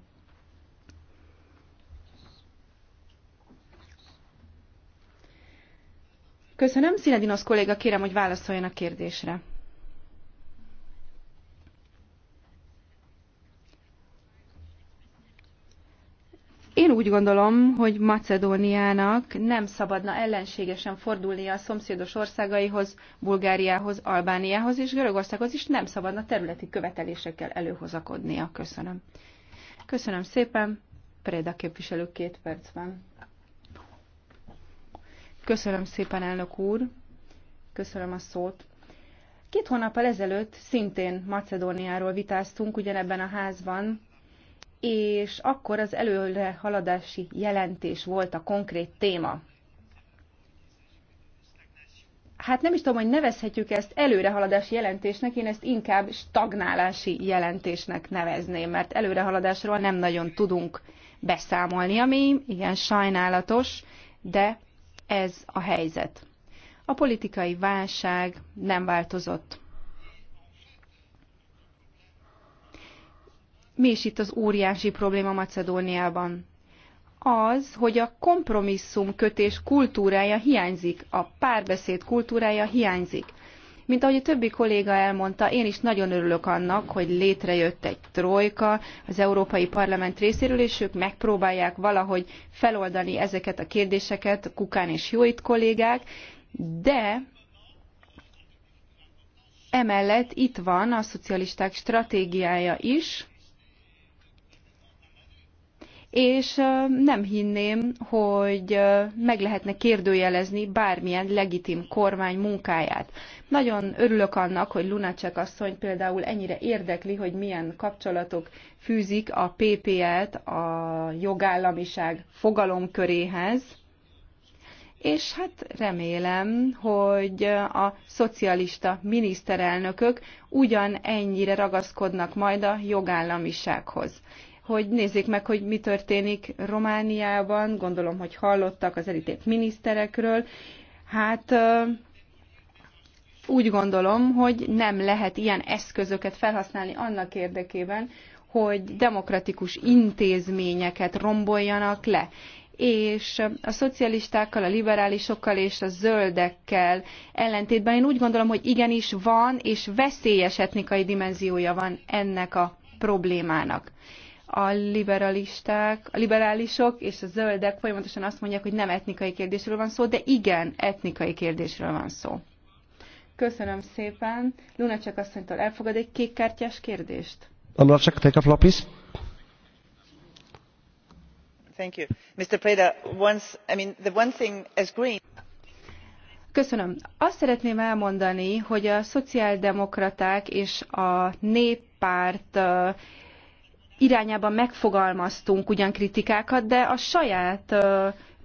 Speaker 7: Köszönöm. Szinedinosz kolléga, kérem, hogy válaszoljon a kérdésre. Én úgy gondolom, hogy Macedóniának nem szabadna ellenségesen fordulnia a szomszédos országaihoz, Bulgáriához, Albániához és Görögországhoz is nem szabadna területi követelésekkel előhozakodnia. Köszönöm. Köszönöm szépen. Preda képviselő két percben. Köszönöm szépen, elnök úr. Köszönöm a szót. Két hónappal ezelőtt szintén Macedóniáról vitáztunk ugyanebben a házban, és akkor az előre haladási jelentés volt a konkrét téma. Hát nem is tudom, hogy nevezhetjük ezt előrehaladási jelentésnek, én ezt inkább stagnálási jelentésnek nevezném, mert előrehaladásról nem nagyon tudunk beszámolni, ami igen sajnálatos, de ez a helyzet. A politikai válság nem változott. mi is itt az óriási probléma Macedóniában? Az, hogy a kompromisszum kötés kultúrája hiányzik, a párbeszéd kultúrája hiányzik. Mint ahogy a többi kolléga elmondta, én is nagyon örülök annak, hogy létrejött egy trojka az Európai Parlament részéről, és ők megpróbálják valahogy feloldani ezeket a kérdéseket, Kukán és Jóit kollégák, de emellett itt van a szocialisták stratégiája is, és nem hinném, hogy meg lehetne kérdőjelezni bármilyen legitim kormány munkáját. Nagyon örülök annak, hogy Lunacek asszony például ennyire érdekli, hogy milyen kapcsolatok fűzik a PPE-t a jogállamiság fogalomköréhez, és hát remélem, hogy a szocialista miniszterelnökök ugyan ennyire ragaszkodnak majd a jogállamisághoz hogy nézzék meg, hogy mi történik Romániában. Gondolom, hogy hallottak az elítélt miniszterekről. Hát úgy gondolom, hogy nem lehet ilyen eszközöket felhasználni annak érdekében, hogy demokratikus intézményeket romboljanak le és a szocialistákkal, a liberálisokkal és a zöldekkel ellentétben én úgy gondolom, hogy igenis van és veszélyes etnikai dimenziója van ennek a problémának a liberalisták, a liberálisok és a zöldek folyamatosan azt mondják, hogy nem etnikai kérdésről van szó, de igen, etnikai kérdésről van szó. Köszönöm szépen. Luna csak asszonytól elfogad egy kékkártyás kérdést.
Speaker 1: Luna csak take a floor, please.
Speaker 7: Thank you. Mr. Preda, once, I mean, the one thing as green... Köszönöm. Azt szeretném elmondani, hogy a szociáldemokraták és a néppárt uh, irányában megfogalmaztunk ugyan kritikákat, de a saját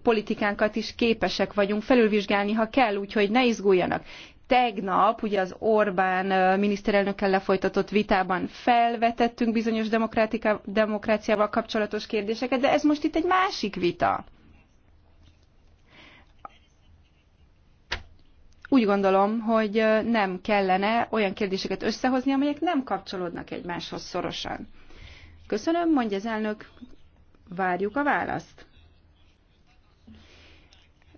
Speaker 7: politikánkat is képesek vagyunk felülvizsgálni, ha kell, úgyhogy ne izguljanak tegnap ugye az Orbán miniszterelnökkel lefolytatott vitában felvetettünk bizonyos demokráciával kapcsolatos kérdéseket, de ez most itt egy másik vita. Úgy gondolom, hogy nem kellene olyan kérdéseket összehozni, amelyek nem kapcsolódnak egymáshoz szorosan. Köszönöm, mondja az elnök, várjuk a választ.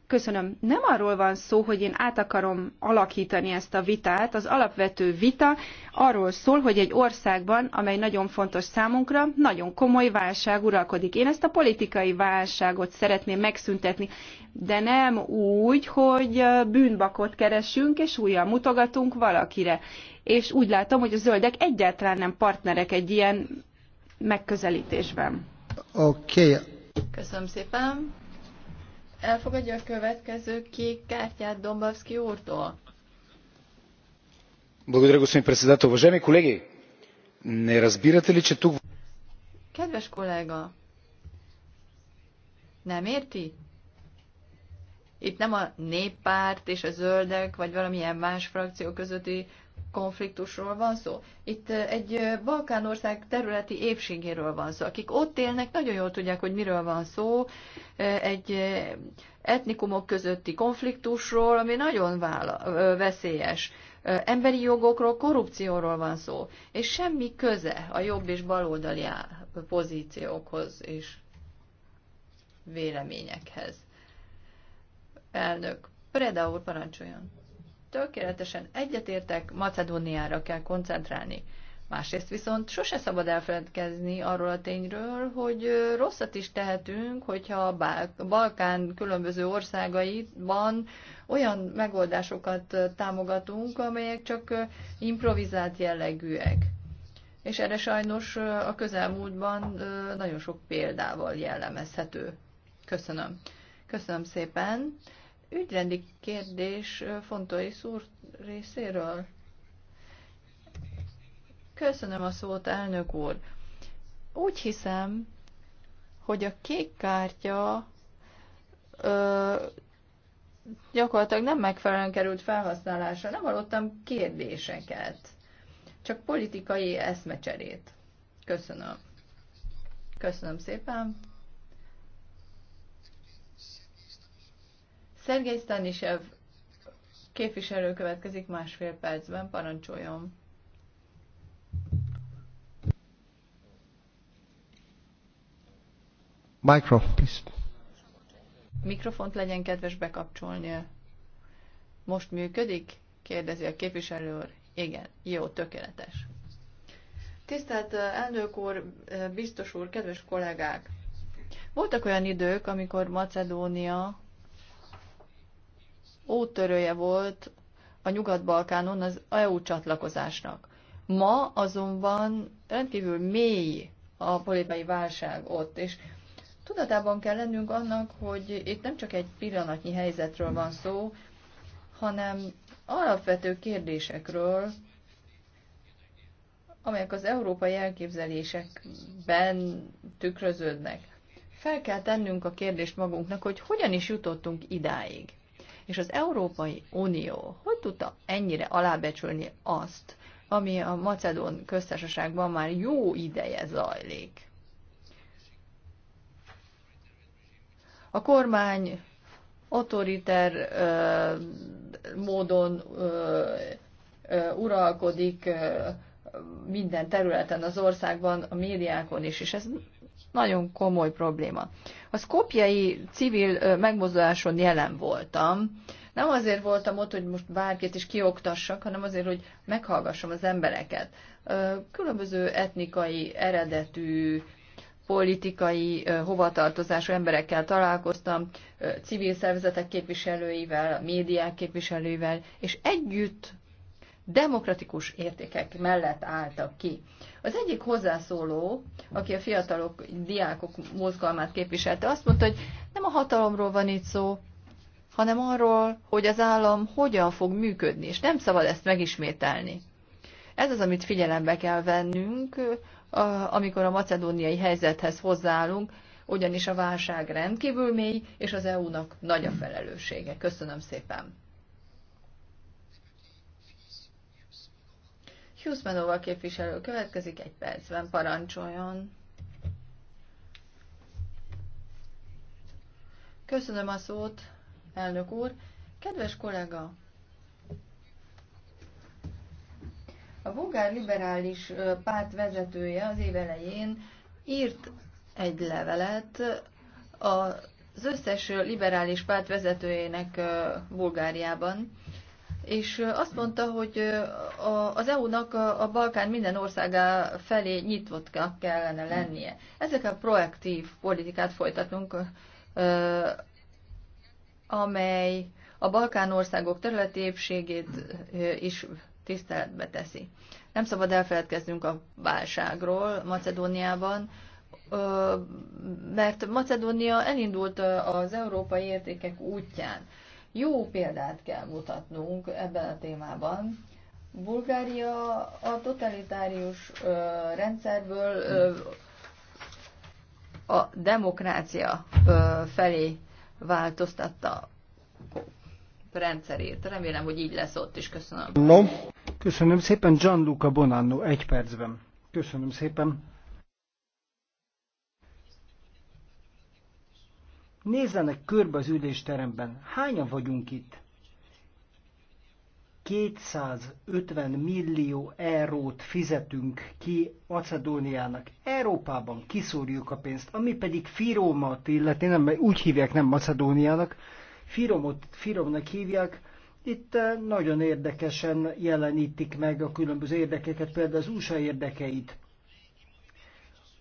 Speaker 7: Köszönöm. Nem arról van szó, hogy én át akarom alakítani ezt a vitát. Az alapvető vita arról szól, hogy egy országban, amely nagyon fontos számunkra, nagyon komoly válság uralkodik. Én ezt a politikai válságot szeretném megszüntetni, de nem úgy, hogy bűnbakot keresünk, és újra mutogatunk valakire. És úgy látom, hogy a zöldek egyáltalán nem partnerek egy ilyen megközelítésben.
Speaker 1: Oké. Okay.
Speaker 6: Köszönöm szépen. Elfogadja a következő kék kártyát Dombavski úrtól.
Speaker 4: Благодаря, господин председател. Уважаеми колеги, не разбирате ли, че тук...
Speaker 6: Кедваш колега, не мерти? Itt nem a néppárt és a zöldek, vagy valamilyen más frakció közötti konfliktusról van szó. Itt egy Balkánország területi épségéről van szó. Akik ott élnek, nagyon jól tudják, hogy miről van szó. Egy etnikumok közötti konfliktusról, ami nagyon vála, veszélyes. Emberi jogokról, korrupcióról van szó, és semmi köze a jobb és baloldali pozíciókhoz és véleményekhez. Elnök, Preda úr, parancsoljon! tökéletesen egyetértek, Macedóniára kell koncentrálni. Másrészt viszont sose szabad elfeledkezni arról a tényről, hogy rosszat is tehetünk, hogyha a Balkán különböző országaiban olyan megoldásokat támogatunk, amelyek csak improvizált jellegűek. És erre sajnos a közelmúltban nagyon sok példával jellemezhető. Köszönöm. Köszönöm szépen ügyrendi kérdés fontos szúr részéről. Köszönöm a szót, elnök úr. Úgy hiszem, hogy a kék kártya ö, gyakorlatilag nem megfelelően került felhasználásra. Nem hallottam kérdéseket, csak politikai eszmecserét. Köszönöm. Köszönöm szépen. Szergej Stanisev képviselő következik másfél percben, parancsoljon.
Speaker 1: Micro, please.
Speaker 6: Mikrofont legyen kedves bekapcsolni. Most működik? kérdezi a képviselő úr. Igen, jó, tökéletes. Tisztelt elnök úr, biztos úr, kedves kollégák! Voltak olyan idők, amikor Macedónia úttörője volt a Nyugat-Balkánon az EU csatlakozásnak. Ma azonban rendkívül mély a politikai válság ott, és tudatában kell lennünk annak, hogy itt nem csak egy pillanatnyi helyzetről van szó, hanem alapvető kérdésekről, amelyek az európai elképzelésekben tükröződnek. Fel kell tennünk a kérdést magunknak, hogy hogyan is jutottunk idáig. És az Európai Unió hogy tudta ennyire alábecsülni azt, ami a Macedón köztársaságban már jó ideje zajlik? A kormány autoriter ö, módon ö, ö, uralkodik ö, minden területen az országban, a médiákon is, és ez nagyon komoly probléma. A szkopjai civil megmozduláson jelen voltam. Nem azért voltam ott, hogy most bárkit is kioktassak, hanem azért, hogy meghallgassam az embereket. Különböző etnikai, eredetű, politikai hovatartozású emberekkel találkoztam, civil szervezetek képviselőivel, médiák képviselőivel, és együtt demokratikus értékek mellett álltak ki. Az egyik hozzászóló, aki a fiatalok, diákok mozgalmát képviselte, azt mondta, hogy nem a hatalomról van itt szó, hanem arról, hogy az állam hogyan fog működni, és nem szabad ezt megismételni. Ez az, amit figyelembe kell vennünk, amikor a macedóniai helyzethez hozzáállunk, ugyanis a válság rendkívül mély, és az EU-nak nagy a felelőssége. Köszönöm szépen! Hughes képviselő következik egy percben, parancsoljon. Köszönöm a szót, elnök úr. Kedves kollega, a bulgár liberális párt vezetője az év elején írt egy levelet az összes liberális párt vezetőjének Bulgáriában, és azt mondta, hogy az EU-nak a Balkán minden országá felé nyitottnak kellene lennie. Ezekkel proaktív politikát folytatunk, amely a Balkán országok területi épségét is tiszteletbe teszi. Nem szabad elfeledkeznünk a válságról Macedóniában, mert Macedónia elindult az európai értékek útján. Jó példát kell mutatnunk ebben a témában. Bulgária a totalitárius ö, rendszerből ö, a demokrácia ö, felé változtatta rendszerét. Remélem, hogy így lesz ott is. Köszönöm.
Speaker 4: No. Köszönöm szépen Gianluca Bonanno, egy percben. Köszönöm szépen. Nézzenek körbe az ülésteremben. Hányan vagyunk itt? 250 millió eurót fizetünk ki Macedóniának. Európában kiszórjuk a pénzt, ami pedig Firomat illeti, nem, úgy hívják nem Macedóniának, Firomot, Firomnak hívják, itt eh, nagyon érdekesen jelenítik meg a különböző érdekeket, például az USA érdekeit.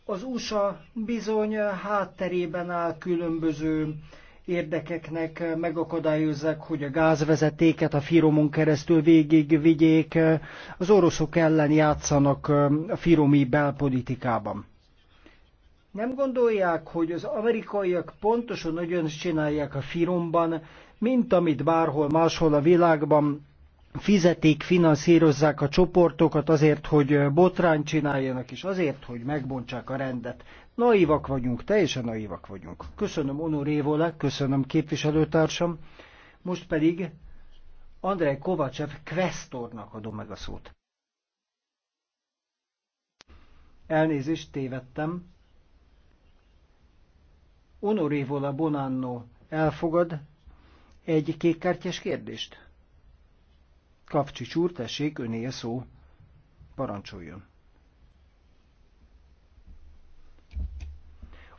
Speaker 4: Az USA bizony hátterében áll különböző érdekeknek, megakadályozzák, hogy a gázvezetéket a Firomon keresztül végig vigyék. Az oroszok ellen játszanak a Firomi belpolitikában. Nem gondolják, hogy az amerikaiak pontosan nagyon csinálják a Firomban, mint amit bárhol máshol a világban fizetik, finanszírozzák a csoportokat azért, hogy botrányt csináljanak, és azért, hogy megbontsák a rendet. Naivak vagyunk, teljesen naivak vagyunk. Köszönöm Honoré köszönöm képviselőtársam. Most pedig Andrej Kovácsev kvesztornak adom meg a szót. Elnézést, tévedtem. Honoré Bonanno elfogad egy kékkártyás kérdést? Kapcsics úr, tessék, öné szó. Parancsoljon.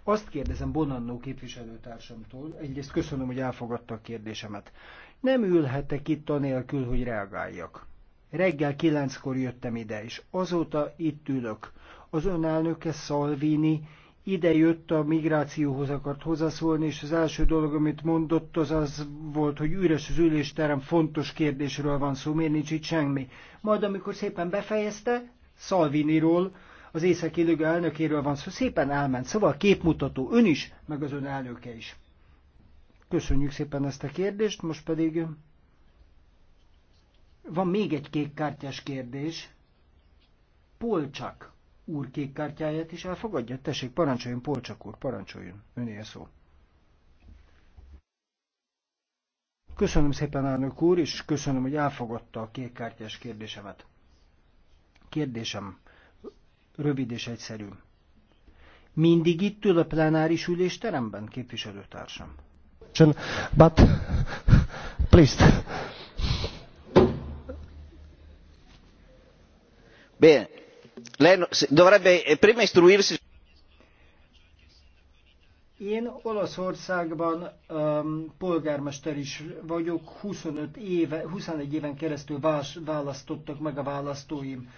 Speaker 4: Azt kérdezem Bonannó képviselőtársamtól, egyrészt köszönöm, hogy elfogadta a kérdésemet. Nem ülhetek itt anélkül, hogy reagáljak. Reggel kilenckor jöttem ide, és azóta itt ülök. Az önelnöke Salvini ide jött a migrációhoz akart hozzászólni, és az első dolog, amit mondott, az az volt, hogy üres az ülésterem, fontos kérdésről van szó, miért nincs itt semmi. Majd amikor szépen befejezte, Salviniról, az északi lőgő elnökéről van szó, szépen elment. Szóval képmutató ön is, meg az ön elnöke is. Köszönjük szépen ezt a kérdést, most pedig van még egy kék kártyás kérdés. Polcsak úr kék kártyáját is elfogadja? Tessék, parancsoljon, Polcsak úr, parancsoljon. Önél szó. Köszönöm szépen, elnök úr, és köszönöm, hogy elfogadta a kékkártyás kérdésemet. Kérdésem rövid és egyszerű. Mindig itt ül a plenáris teremben, képviselőtársam?
Speaker 1: But, please.
Speaker 4: Bien, lei dovrebbe eh, prima istruirsi. Én Olaszországban um, polgármester is vagyok, 25 éve, 21 éven keresztül vás, választottak meg a választóim.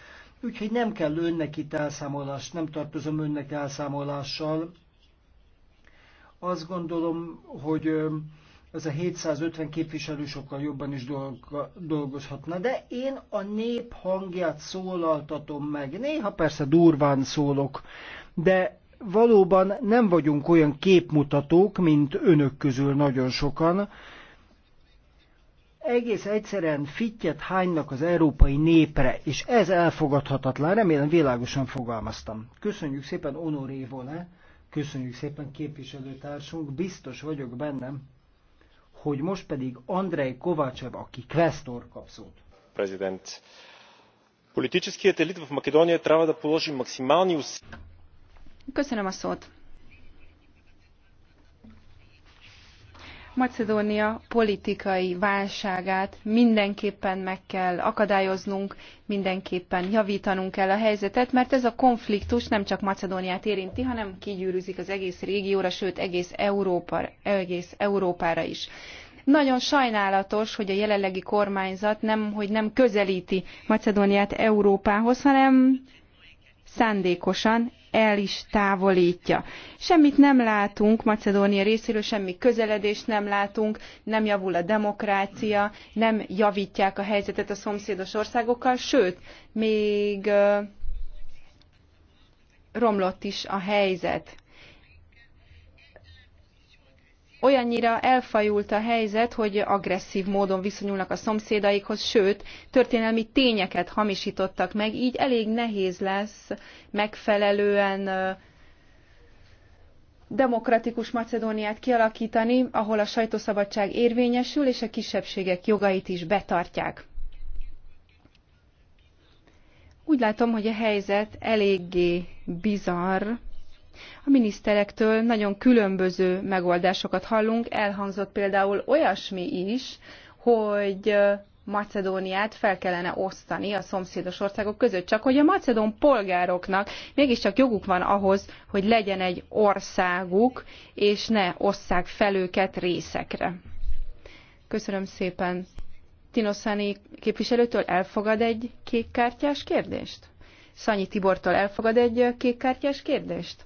Speaker 4: Úgyhogy nem kell önnek itt elszámolás, nem tartozom önnek elszámolással. Azt gondolom, hogy um, ez a 750 képviselő sokkal jobban is dolgozhatna, de én a nép hangját szólaltatom meg. Néha persze durván szólok, de valóban nem vagyunk olyan képmutatók, mint önök közül nagyon sokan. Egész egyszerűen fittyet hánynak az európai népre, és ez elfogadhatatlan, remélem világosan fogalmaztam. Köszönjük szépen Honoré Vole, köszönjük szépen képviselőtársunk, biztos vagyok bennem, hogy most pedig Andrei Kovácsev, aki kvestor kap szót.
Speaker 1: Prezident, политическият елит в Македония трябва да положи максимални
Speaker 4: Köszönöm a szót.
Speaker 7: Macedónia politikai válságát mindenképpen meg kell akadályoznunk, mindenképpen javítanunk kell a helyzetet, mert ez a konfliktus nem csak Macedóniát érinti, hanem kigyűrűzik az egész régióra, sőt egész, Európa, egész Európára is. Nagyon sajnálatos, hogy a jelenlegi kormányzat nem, hogy nem közelíti Macedóniát Európához, hanem szándékosan el is távolítja. Semmit nem látunk Macedónia részéről, semmi közeledést nem látunk, nem javul a demokrácia, nem javítják a helyzetet a szomszédos országokkal, sőt, még romlott is a helyzet olyannyira elfajult a helyzet, hogy agresszív módon viszonyulnak a szomszédaikhoz, sőt, történelmi tényeket hamisítottak meg, így elég nehéz lesz megfelelően demokratikus Macedóniát kialakítani, ahol a sajtószabadság érvényesül, és a kisebbségek jogait is betartják. Úgy látom, hogy a helyzet eléggé bizarr, a miniszterektől nagyon különböző megoldásokat hallunk. Elhangzott például olyasmi is, hogy Macedóniát fel kellene osztani a szomszédos országok között, csak hogy a macedón polgároknak mégiscsak joguk van ahhoz, hogy legyen egy országuk, és ne osszák fel őket részekre. Köszönöm szépen. Tinoszani képviselőtől elfogad egy kékkártyás kérdést? Szanyi Tibortól elfogad egy kékkártyás kérdést?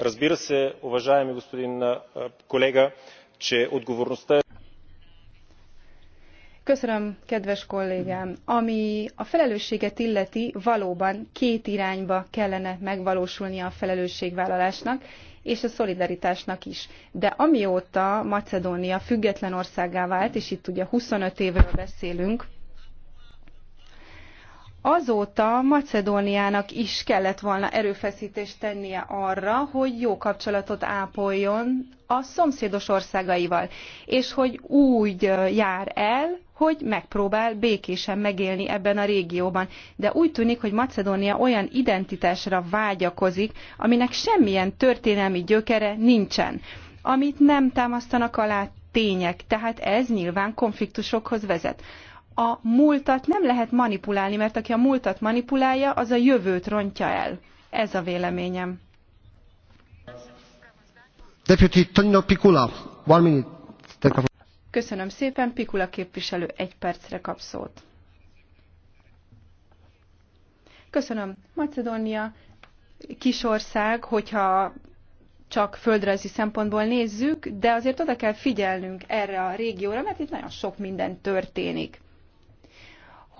Speaker 1: разбира се уважаеми господин колега че отговорността
Speaker 7: Köszönöm, kedves kollégám! Ami a felelősséget illeti, valóban két irányba kellene megvalósulnia a felelősségvállalásnak, és a szolidaritásnak is. De amióta Macedónia független országá vált, és itt ugye 25 évről beszélünk, Azóta Macedóniának is kellett volna erőfeszítést tennie arra, hogy jó kapcsolatot ápoljon a szomszédos országaival, és hogy úgy jár el, hogy megpróbál békésen megélni ebben a régióban. De úgy tűnik, hogy Macedónia olyan identitásra vágyakozik, aminek semmilyen történelmi gyökere nincsen, amit nem támasztanak alá tények, tehát ez nyilván konfliktusokhoz vezet a múltat nem lehet manipulálni, mert aki a múltat manipulálja, az a jövőt rontja el. Ez a véleményem.
Speaker 1: Deputy Tonino Pikula, one minute.
Speaker 7: Köszönöm szépen, Pikula képviselő egy percre kap szót. Köszönöm. Macedónia kisország, hogyha csak földrajzi szempontból nézzük, de azért oda kell figyelnünk erre a régióra, mert itt nagyon sok minden történik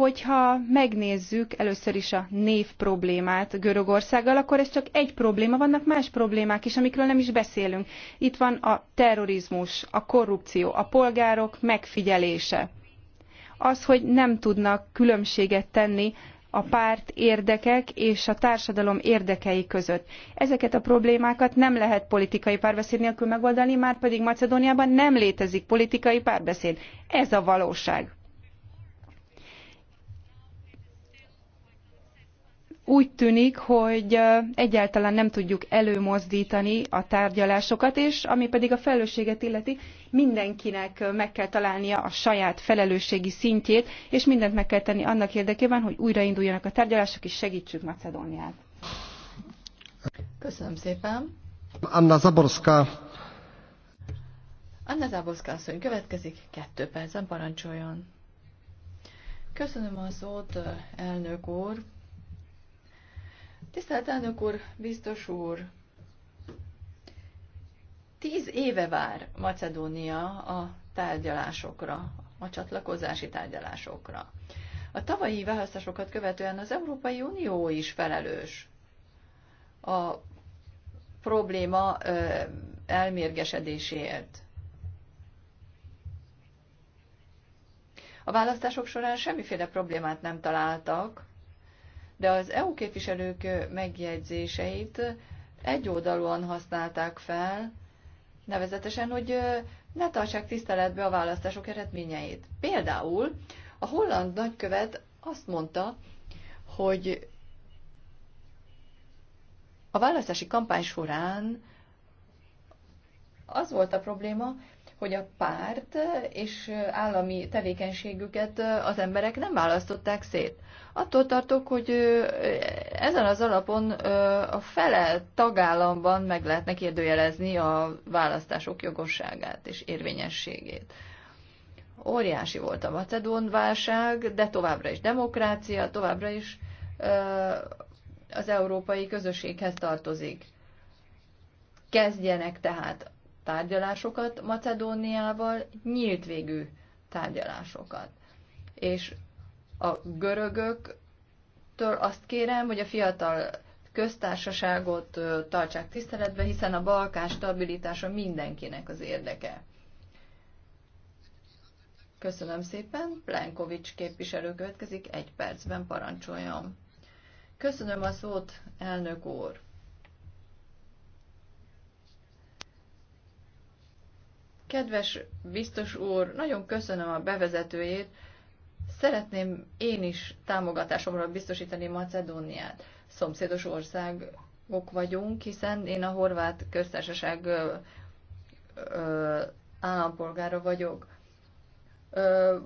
Speaker 7: hogyha megnézzük először is a név problémát Görögországgal, akkor ez csak egy probléma, vannak más problémák is, amikről nem is beszélünk. Itt van a terrorizmus, a korrupció, a polgárok megfigyelése. Az, hogy nem tudnak különbséget tenni a párt érdekek és a társadalom érdekei között. Ezeket a problémákat nem lehet politikai párbeszéd nélkül megoldani, már pedig Macedóniában nem létezik politikai párbeszéd. Ez a valóság. úgy tűnik, hogy egyáltalán nem tudjuk előmozdítani a tárgyalásokat, és ami pedig a felelősséget illeti, mindenkinek meg kell találnia a saját felelősségi szintjét, és mindent meg kell tenni annak érdekében, hogy újrainduljanak a tárgyalások, és segítsük Macedóniát. Köszönöm
Speaker 6: szépen.
Speaker 1: Anna Zaborska.
Speaker 6: Anna Zaborska asszony következik, kettő percen parancsoljon. Köszönöm a szót, elnök úr. Tisztelt elnök úr, biztos úr! Tíz éve vár Macedónia a tárgyalásokra, a csatlakozási tárgyalásokra. A tavalyi választásokat követően az Európai Unió is felelős a probléma elmérgesedéséért. A választások során semmiféle problémát nem találtak, de az EU képviselők megjegyzéseit egyoldalúan használták fel, nevezetesen, hogy ne tartsák tiszteletbe a választások eredményeit. Például a holland nagykövet azt mondta, hogy a választási kampány során az volt a probléma, hogy a párt és állami tevékenységüket az emberek nem választották szét. Attól tartok, hogy ezen az alapon a fele tagállamban meg lehetne kérdőjelezni a választások jogosságát és érvényességét. Óriási volt a macedón válság, de továbbra is demokrácia, továbbra is az európai közösséghez tartozik. Kezdjenek tehát tárgyalásokat Macedóniával, nyílt végű tárgyalásokat. És a görögöktől azt kérem, hogy a fiatal köztársaságot tartsák tiszteletbe, hiszen a Balkán stabilitása mindenkinek az érdeke. Köszönöm szépen. Plenkovics képviselő következik, egy percben parancsoljon. Köszönöm a szót, elnök úr. Kedves biztos úr, nagyon köszönöm a bevezetőjét. Szeretném én is támogatásomra biztosítani Macedóniát. Szomszédos országok vagyunk, hiszen én a horvát köztársaság ö, ö, állampolgára vagyok. Ö,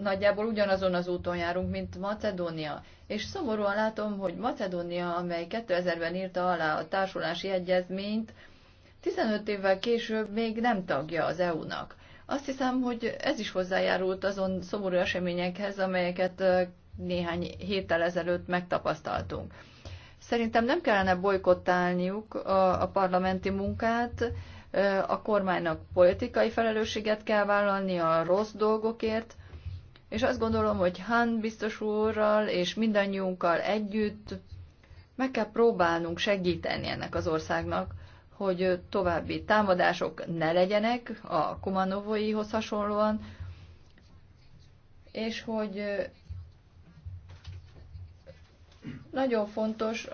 Speaker 6: nagyjából ugyanazon az úton járunk, mint Macedónia. És szomorúan látom, hogy Macedónia, amely 2000-ben írta alá a társulási egyezményt, 15 évvel később még nem tagja az EU-nak. Azt hiszem, hogy ez is hozzájárult azon szomorú eseményekhez, amelyeket néhány héttel ezelőtt megtapasztaltunk. Szerintem nem kellene bolykottálniuk a, a parlamenti munkát, a kormánynak politikai felelősséget kell vállalni a rossz dolgokért, és azt gondolom, hogy Han biztos úrral és mindannyiunkkal együtt meg kell próbálnunk segíteni ennek az országnak, hogy további támadások ne legyenek a kumanovóihoz hasonlóan, és hogy nagyon fontos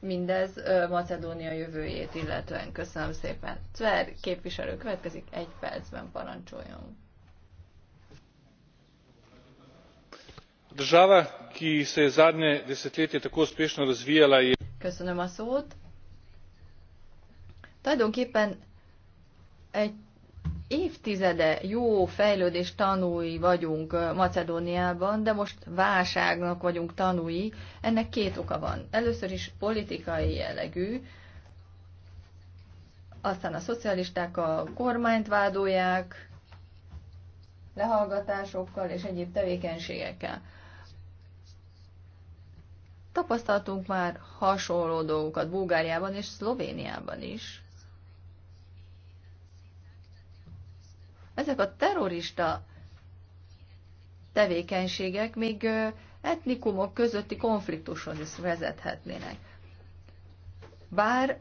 Speaker 6: mindez Macedónia jövőjét illetően. Köszönöm szépen. Cver képviselő következik, egy percben parancsoljon.
Speaker 2: Država, ki se je zadnje desetletje tako uspešno razvijala, je...
Speaker 6: Köszönöm a szót Tulajdonképpen egy évtizede jó fejlődés tanúi vagyunk eh, Macedóniában, de most válságnak vagyunk tanúi. Ennek két oka van. Először is politikai jellegű, aztán a szocialisták a kormányt vádolják, lehallgatásokkal és egyéb tevékenységekkel. Tapasztaltunk már hasonló dolgokat Bulgáriában és Szlovéniában is. ezek a terrorista tevékenységek még etnikumok közötti konfliktuson is vezethetnének. Bár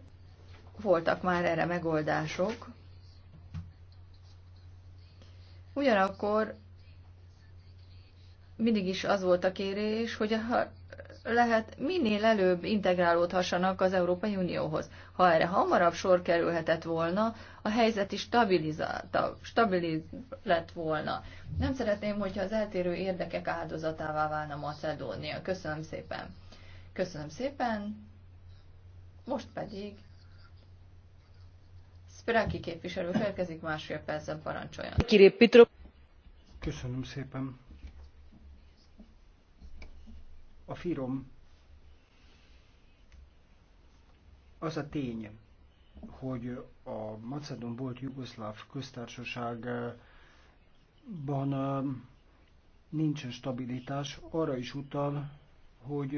Speaker 6: voltak már erre megoldások, ugyanakkor mindig is az volt a kérés, hogy a lehet minél előbb integrálódhassanak az Európai Unióhoz. Ha erre hamarabb sor kerülhetett volna, a helyzet is stabiliz lett volna. Nem szeretném, hogyha az eltérő érdekek áldozatává válna Macedónia. Köszönöm szépen. Köszönöm szépen. Most pedig Spiráki képviselő felkezik másfél percen parancsoljon.
Speaker 4: Köszönöm szépen a firom az a tény, hogy a Macedon volt Jugoszláv köztársaságban nincsen stabilitás, arra is utal, hogy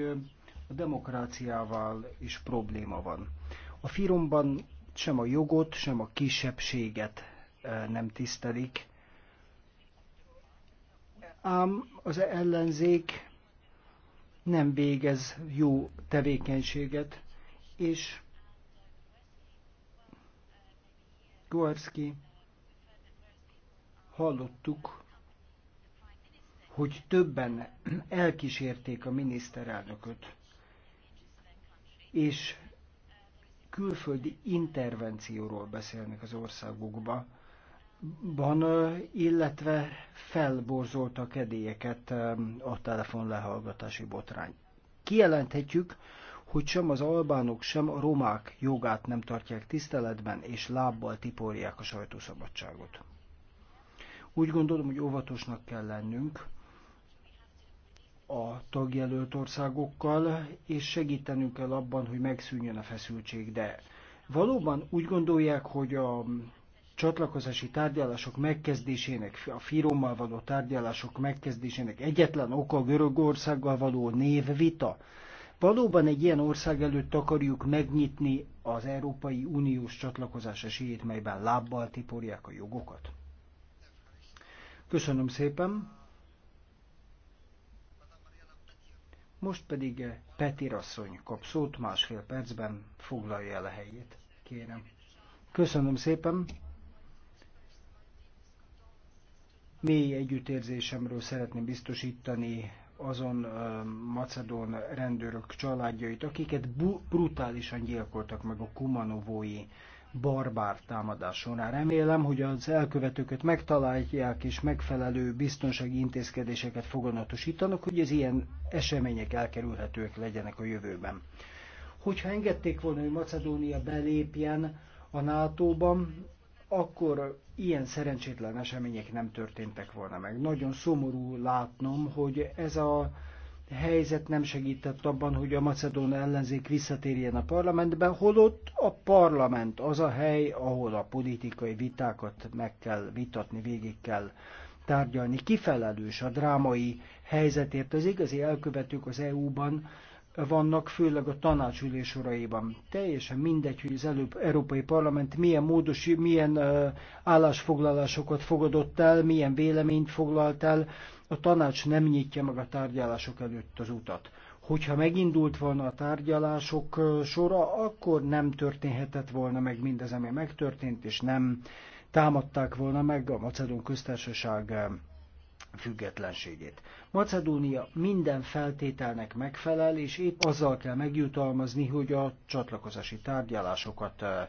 Speaker 4: a demokráciával is probléma van. A firomban sem a jogot, sem a kisebbséget nem tisztelik, ám az ellenzék nem végez jó tevékenységet, és Guarski hallottuk, hogy többen elkísérték a miniszterelnököt, és külföldi intervencióról beszélnek az országokba, ban, illetve felborzolt a kedélyeket a telefon lehallgatási botrány. Kijelenthetjük, hogy sem az albánok, sem a romák jogát nem tartják tiszteletben, és lábbal tiporják a sajtószabadságot. Úgy gondolom, hogy óvatosnak kell lennünk a tagjelölt országokkal, és segítenünk kell abban, hogy megszűnjön a feszültség, de valóban úgy gondolják, hogy a csatlakozási tárgyalások megkezdésének, a Fírommal való tárgyalások megkezdésének egyetlen oka Görögországgal való névvita. Valóban egy ilyen ország előtt akarjuk megnyitni az Európai Uniós csatlakozás esélyét, melyben lábbal tiporják a jogokat. Köszönöm szépen! Most pedig Petir asszony kap szót, másfél percben foglalja el a helyét. Kérem. Köszönöm szépen! mély együttérzésemről szeretném biztosítani azon uh, macedón rendőrök családjait, akiket brutálisan gyilkoltak meg a kumanovói barbár támadás során. Remélem, hogy az elkövetőket megtalálják és megfelelő biztonsági intézkedéseket foganatosítanak, hogy az ilyen események elkerülhetőek legyenek a jövőben. Hogyha engedték volna, hogy Macedónia belépjen a NATO-ban, akkor ilyen szerencsétlen események nem történtek volna meg. Nagyon szomorú látnom, hogy ez a helyzet nem segített abban, hogy a macedón ellenzék visszatérjen a parlamentbe, holott a parlament az a hely, ahol a politikai vitákat meg kell vitatni, végig kell tárgyalni. Kifelelős a drámai helyzetért az igazi elkövetők az EU-ban, vannak, főleg a tanácsülés uraiban. Teljesen mindegy, hogy az előbb Európai Parlament milyen módos, milyen állásfoglalásokat fogadott el, milyen véleményt foglalt el, a tanács nem nyitja meg a tárgyalások előtt az utat. Hogyha megindult volna a tárgyalások sora, akkor nem történhetett volna meg mindez, ami megtörtént, és nem támadták volna meg a Macedon köztársaság függetlenségét. Macedónia minden feltételnek megfelel, és épp azzal kell megjutalmazni, hogy a csatlakozási tárgyalásokat eh,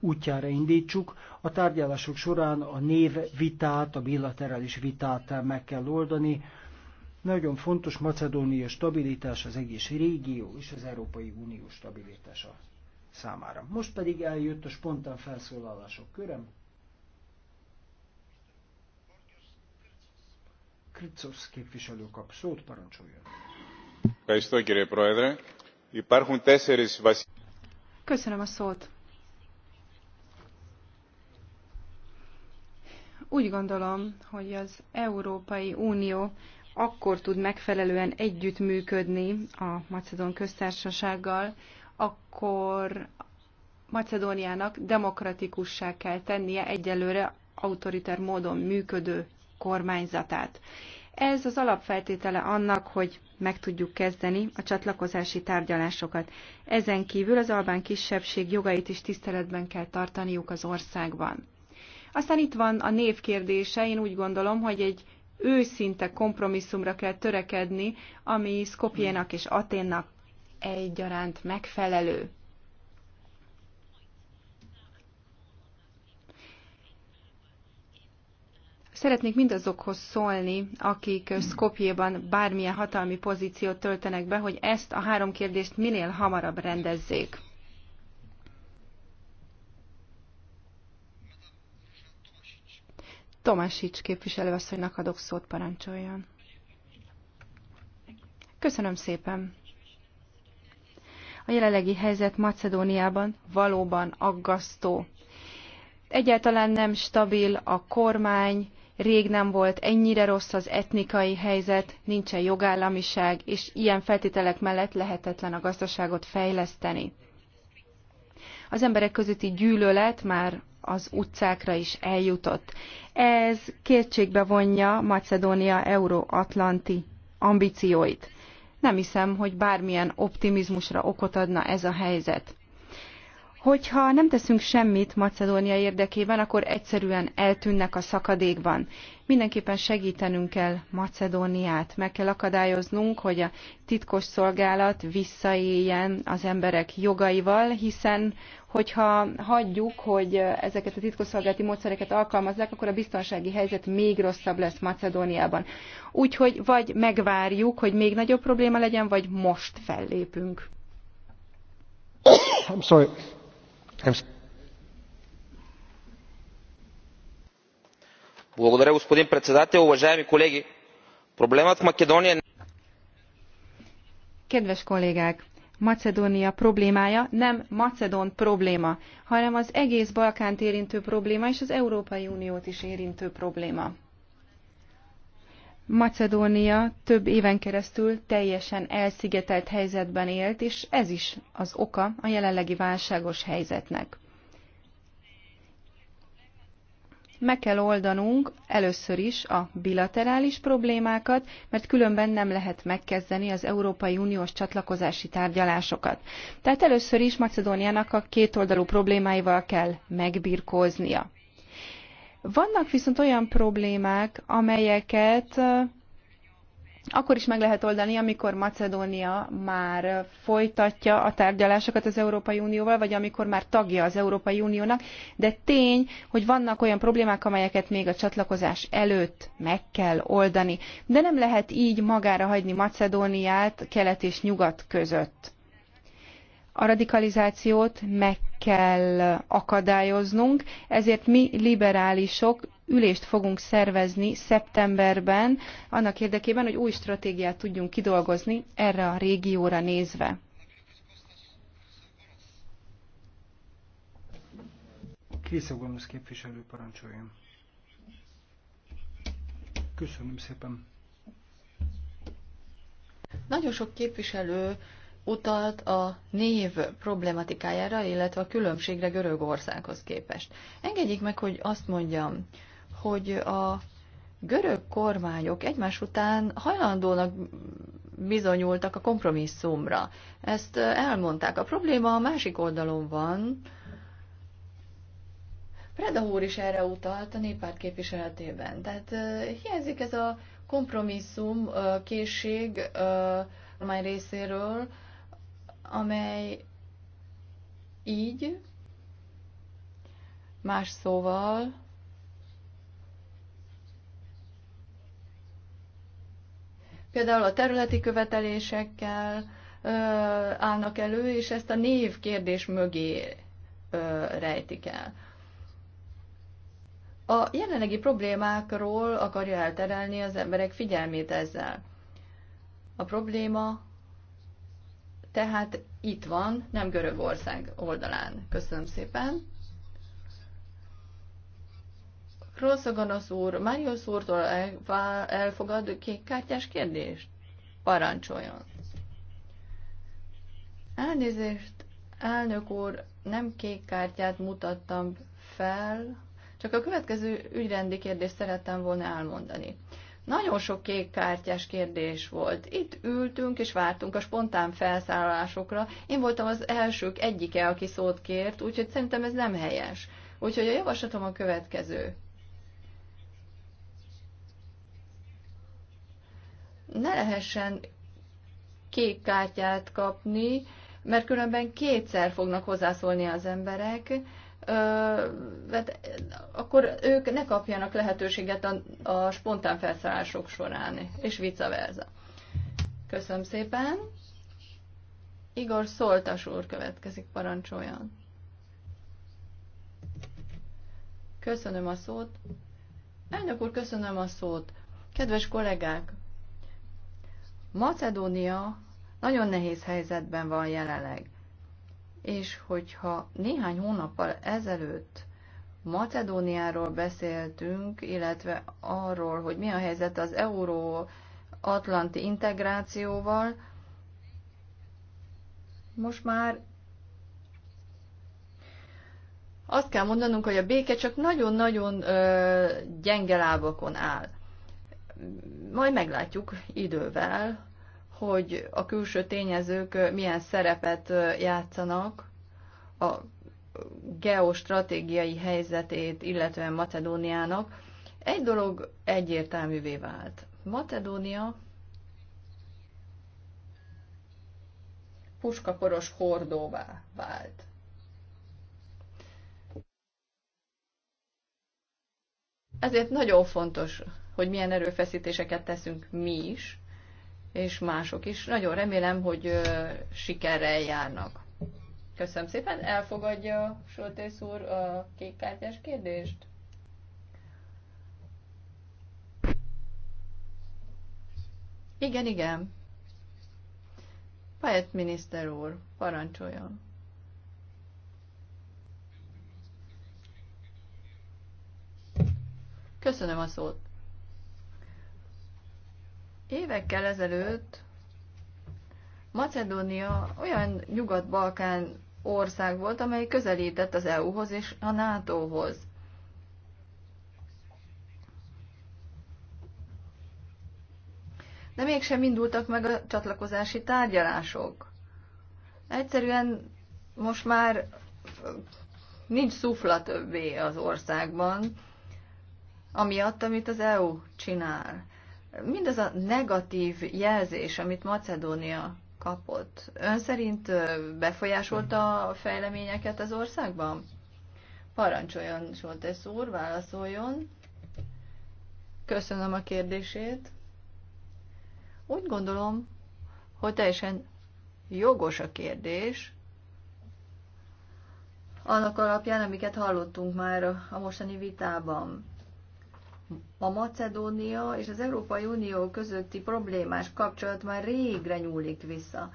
Speaker 4: útjára indítsuk. A tárgyalások során a név vitát, a bilaterális vitát meg kell oldani. Nagyon fontos Macedónia stabilitás, az egész régió és az Európai Unió stabilitása számára. Most pedig eljött a spontán felszólalások körem. Kricosz képviselő kap szót, parancsoljon.
Speaker 7: Köszönöm a szót. Úgy gondolom, hogy az Európai Unió akkor tud megfelelően együttműködni a Macedón köztársasággal, akkor Macedóniának demokratikussá kell tennie egyelőre autoriter módon működő kormányzatát. Ez az alapfeltétele annak, hogy meg tudjuk kezdeni a csatlakozási tárgyalásokat. Ezen kívül az albán kisebbség jogait is tiszteletben kell tartaniuk az országban. Aztán itt van a név kérdése. Én úgy gondolom, hogy egy őszinte kompromisszumra kell törekedni, ami Skopjénak és Aténnak egyaránt megfelelő. Szeretnék mindazokhoz szólni, akik Skopjéban bármilyen hatalmi pozíciót töltenek be, hogy ezt a három kérdést minél hamarabb rendezzék. Tomásics képviselőasszonynak adok szót, parancsoljon. Köszönöm szépen. A jelenlegi helyzet Macedóniában valóban aggasztó. Egyáltalán nem stabil a kormány, Rég nem volt ennyire rossz az etnikai helyzet, nincsen jogállamiság, és ilyen feltételek mellett lehetetlen a gazdaságot fejleszteni. Az emberek közötti gyűlölet már az utcákra is eljutott. Ez kétségbe vonja Macedónia euróatlanti ambícióit. Nem hiszem, hogy bármilyen optimizmusra okot adna ez a helyzet. Hogyha nem teszünk semmit Macedónia érdekében, akkor egyszerűen eltűnnek a szakadékban. Mindenképpen segítenünk kell Macedóniát. Meg kell akadályoznunk, hogy a titkos szolgálat visszaéljen az emberek jogaival, hiszen hogyha hagyjuk, hogy ezeket a titkosszolgálati módszereket alkalmazzák, akkor a biztonsági helyzet még rosszabb lesz Macedóniában. Úgyhogy vagy megvárjuk, hogy még nagyobb probléma legyen, vagy most fellépünk.
Speaker 1: I'm sorry. Благодаря, господин председател уважаеми колеги проблемът в македония.
Speaker 7: kedves kollégák! macedónia problémája nem macedón probléma hanem az egész balkánt érintő probléma és az európai uniót is érintő probléma. Macedónia több éven keresztül teljesen elszigetelt helyzetben élt, és ez is az oka a jelenlegi válságos helyzetnek. Meg kell oldanunk először is a bilaterális problémákat, mert különben nem lehet megkezdeni az Európai Uniós csatlakozási tárgyalásokat. Tehát először is Macedóniának a kétoldalú problémáival kell megbirkóznia. Vannak viszont olyan problémák, amelyeket akkor is meg lehet oldani, amikor Macedónia már folytatja a tárgyalásokat az Európai Unióval, vagy amikor már tagja az Európai Uniónak, de tény, hogy vannak olyan problémák, amelyeket még a csatlakozás előtt meg kell oldani. De nem lehet így magára hagyni Macedóniát kelet és nyugat között. A radikalizációt meg kell akadályoznunk, ezért mi liberálisok ülést fogunk szervezni szeptemberben, annak érdekében, hogy új stratégiát tudjunk kidolgozni erre a régióra nézve.
Speaker 4: Kriszogonosz képviselő parancsoljon. Köszönöm szépen.
Speaker 6: Nagyon sok képviselő utalt a név problematikájára, illetve a különbségre Görögországhoz képest. Engedjék meg, hogy azt mondjam, hogy a görög kormányok egymás után hajlandónak bizonyultak a kompromisszumra. Ezt elmondták. A probléma a másik oldalon van. Preda úr is erre utalt a néppárt képviseletében. Tehát hiányzik ez a kompromisszum készség kormány részéről, amely így, más szóval, például a területi követelésekkel ö, állnak elő, és ezt a név kérdés mögé ö, rejtik el. A jelenlegi problémákról akarja elterelni az emberek figyelmét ezzel. A probléma tehát itt van, nem Görögország oldalán. Köszönöm szépen. Rosszagonosz úr, Máriusz úrtól elfogad kékkártyás kérdést? Parancsoljon. Elnézést, elnök úr, nem kék kártyát mutattam fel, csak a következő ügyrendi kérdést szerettem volna elmondani. Nagyon sok kékkártyás kérdés volt. Itt ültünk és vártunk a spontán felszállásokra. Én voltam az elsők egyike, aki szót kért, úgyhogy szerintem ez nem helyes. Úgyhogy a javaslatom a következő. Ne lehessen kék kártyát kapni, mert különben kétszer fognak hozzászólni az emberek, mert hát, akkor ők ne kapjanak lehetőséget a, a spontán felszállások során, és vice versa. Köszönöm szépen. Igor Szoltas úr következik, parancsoljon. Köszönöm a szót. Elnök úr, köszönöm a szót. Kedves kollégák, Macedónia nagyon nehéz helyzetben van jelenleg és hogyha néhány hónappal ezelőtt Macedóniáról beszéltünk, illetve arról, hogy mi a helyzet az euró-atlanti integrációval, most már azt kell mondanunk, hogy a béke csak nagyon-nagyon gyenge lábakon áll. Majd meglátjuk idővel, hogy a külső tényezők milyen szerepet játszanak a geostratégiai helyzetét, illetően Macedóniának. Egy dolog egyértelművé vált. Macedónia puskaporos hordóvá vált. Ezért nagyon fontos, hogy milyen erőfeszítéseket teszünk mi is, és mások is. Nagyon remélem, hogy sikerrel járnak. Köszönöm szépen. Elfogadja Soltész úr a kékkártyás kérdést? Igen, igen. Pajet miniszter úr, parancsoljon. Köszönöm a szót. Évekkel ezelőtt Macedónia olyan nyugat-balkán ország volt, amely közelített az EU-hoz és a NATO-hoz. De mégsem indultak meg a csatlakozási tárgyalások. Egyszerűen most már nincs szufla többé az országban, amiatt, amit az EU csinál mindaz a negatív jelzés, amit Macedónia kapott, ön szerint befolyásolta a fejleményeket az országban? Parancsoljon, Soltesz úr, válaszoljon. Köszönöm a kérdését. Úgy gondolom, hogy teljesen jogos a kérdés, annak alapján, amiket hallottunk már a mostani vitában. A Macedónia és az Európai Unió közötti problémás kapcsolat már régre nyúlik vissza.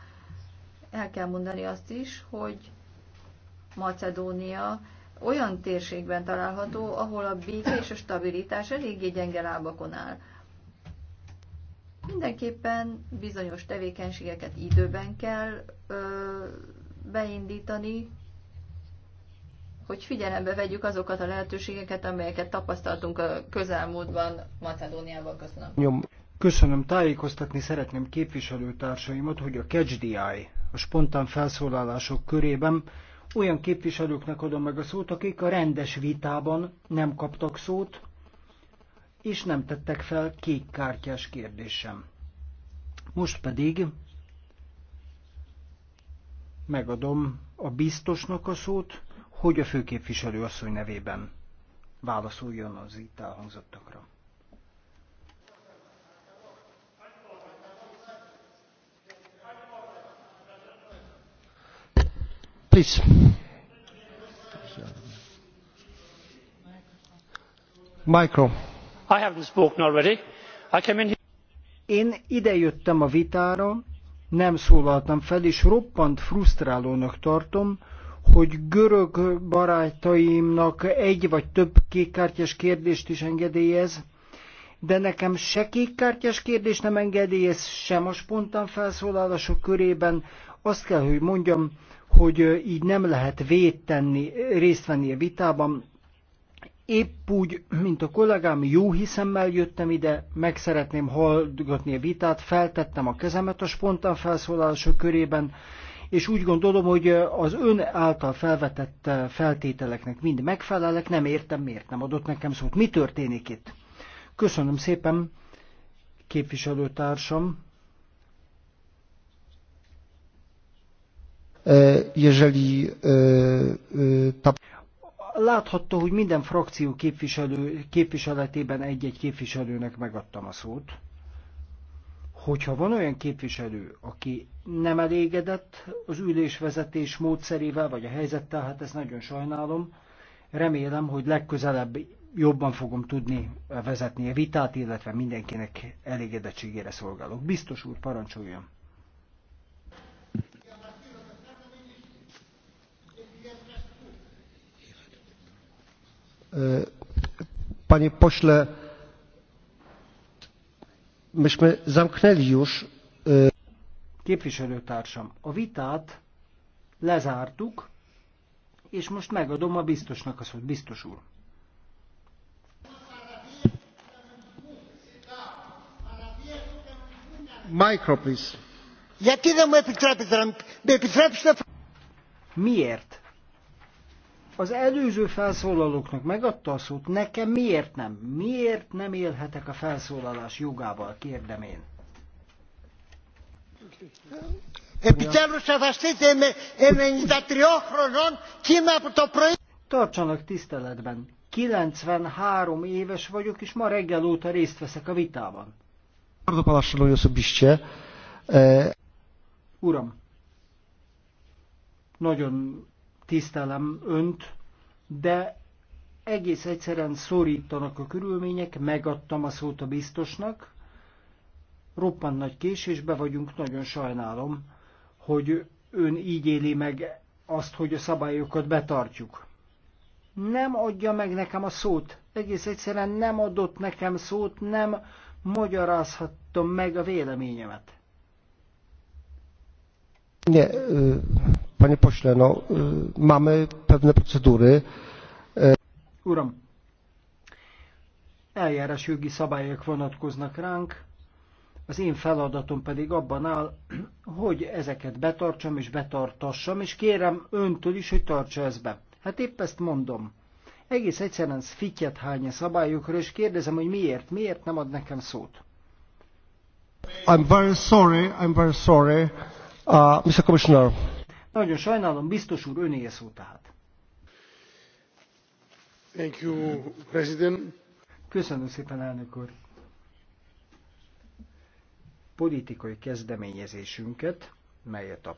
Speaker 6: El kell mondani azt is, hogy Macedónia olyan térségben található, ahol a béke és a stabilitás eléggé gyenge lábakon áll. Mindenképpen bizonyos tevékenységeket időben kell ö, beindítani, hogy figyelembe vegyük azokat a lehetőségeket, amelyeket tapasztaltunk a közelmúltban Macedóniával. Köszönöm.
Speaker 4: Jó. Köszönöm. Tájékoztatni szeretném képviselőtársaimat, hogy a CatchDI, a spontán felszólalások körében olyan képviselőknek adom meg a szót, akik a rendes vitában nem kaptak szót, és nem tettek fel kártyás kérdésem. Most pedig megadom a biztosnak a szót, hogy a főképviselő asszony nevében válaszoljon az itt elhangzottakra. Please. Micro. I
Speaker 1: haven't spoken already. I came in here.
Speaker 4: Én idejöttem a vitára, nem szólaltam fel, és roppant frusztrálónak tartom, hogy görög barátaimnak egy vagy több kékkártyás kérdést is engedélyez, de nekem se kékkártyás kérdést nem engedélyez, sem a spontán felszólalások körében. Azt kell, hogy mondjam, hogy így nem lehet védtenni, részt venni a vitában. Épp úgy, mint a kollégám, jó hiszemmel jöttem ide, meg szeretném hallgatni a vitát, feltettem a kezemet a spontán felszólalások körében, és úgy gondolom, hogy az ön által felvetett feltételeknek mind megfelelek, nem értem, miért nem adott nekem szót. Mi történik itt? Köszönöm szépen, képviselőtársam. E, jeżeli e, e, láthatta, hogy minden frakció képviselő, képviseletében egy-egy képviselőnek megadtam a szót. Hogyha van olyan képviselő, aki nem elégedett az ülésvezetés módszerével, vagy a helyzettel, hát ezt nagyon sajnálom. Remélem, hogy legközelebb jobban fogom tudni vezetni a vitát, illetve mindenkinek elégedettségére szolgálok. Biztos úr, parancsoljon!
Speaker 1: Panie pośle, myśmy
Speaker 4: zamknęli już Képviselőtársam, a vitát lezártuk, és most megadom a biztosnak a szót, biztos úr. Micro, please. Miért? Az előző felszólalóknak megadta a szót, nekem miért nem? Miért nem élhetek a felszólalás jogával, kérdem én? Επιτέλους σεβαστείτε με 93 χρονών κίνα από το πρωί. Tartsanak tiszteletben. 93 éves vagyok, és ma reggel óta részt veszek a vitában.
Speaker 1: Bardzo pana szanuję osobiście. E,
Speaker 4: Uram, nagyon tisztelem önt, de egész egyszerűen szorítanak a körülmények, megadtam a szót a biztosnak, Roppant nagy késésbe vagyunk, nagyon sajnálom, hogy ön így éli meg azt, hogy a szabályokat betartjuk. Nem adja meg nekem a szót. Egész egyszerűen nem adott nekem szót, nem magyarázhattam meg a véleményemet.
Speaker 1: Nie, e, panie pośle, no, e, mamy pewne procedury. E,
Speaker 4: Uram, Eljárás jogi szabályok vonatkoznak ránk, az én feladatom pedig abban áll, hogy ezeket betartsam és betartassam, és kérem öntől is, hogy tartsa ezt be. Hát épp ezt mondom. Egész egyszerűen fityet hány a szabályokra, és kérdezem, hogy miért, miért nem ad nekem szót.
Speaker 1: I'm very sorry, I'm very sorry, uh, Mr. Commissioner.
Speaker 4: Nagyon sajnálom, biztos úr, ön szó tehát. Thank you, President. Köszönöm szépen, elnök úr politikai kezdeményezésünket, melyet a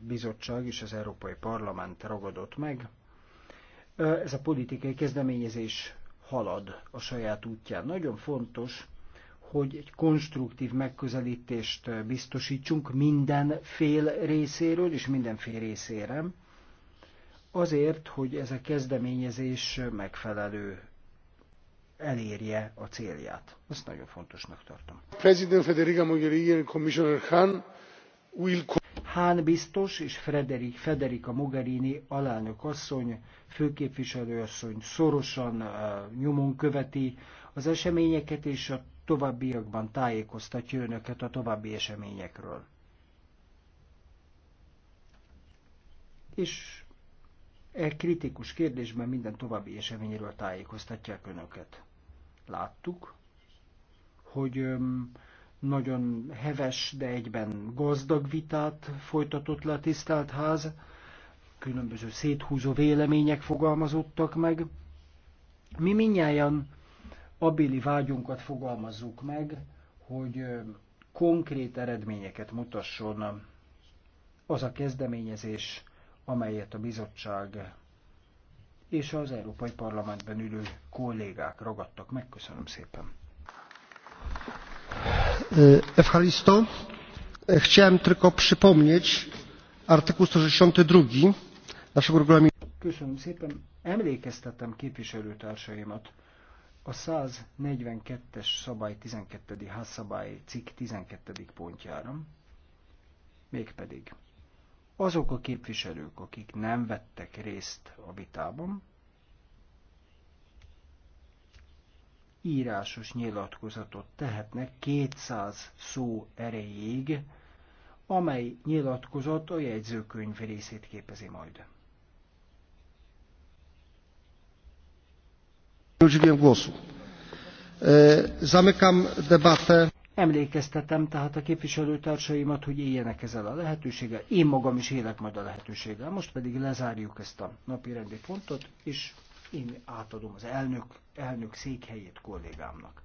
Speaker 4: bizottság és az Európai Parlament ragadott meg. Ez a politikai kezdeményezés halad a saját útján. Nagyon fontos, hogy egy konstruktív megközelítést biztosítsunk minden fél részéről és minden fél részére, azért, hogy ez a kezdeményezés megfelelő elérje a célját. Ezt nagyon fontosnak tartom. President Federica Mogherini and Commissioner Hahn will... Hán biztos és Frederik, Federica Mogherini alelnök asszony, főképviselő asszony szorosan uh, nyomon követi az eseményeket és a továbbiakban tájékoztatja önöket a további eseményekről. És E kritikus kérdésben minden további eseményről tájékoztatják önöket. Láttuk, hogy nagyon heves, de egyben gazdag vitát folytatott le a tisztelt ház, különböző széthúzó vélemények fogalmazottak meg. Mi minnyáján abéli vágyunkat fogalmazzuk meg, hogy konkrét eredményeket mutasson az a kezdeményezés, amelyet a bizottság és az Európai Parlamentben ülő kollégák ragadtak meg. Köszönöm szépen.
Speaker 1: E, Evharisto, e, chciałem tylko przypomnieć artykuł 162 naszego regulaminu.
Speaker 4: Köszönöm szépen. Emlékeztetem képviselőtársaimat a 142-es szabály 12. házszabály cikk 12. pontjára, mégpedig azok a képviselők, akik nem vettek részt a vitában, írásos nyilatkozatot tehetnek 200 szó erejéig, amely nyilatkozat a jegyzőkönyv részét képezi majd.
Speaker 1: Udzieliłem głosu. E, zamykam debatę.
Speaker 4: Emlékeztetem tehát a képviselőtársaimat, hogy éljenek ezzel a lehetőséggel. Én magam is élek majd a lehetőséggel. Most pedig lezárjuk ezt a napi rendi pontot, és én átadom az elnök, elnök székhelyét kollégámnak.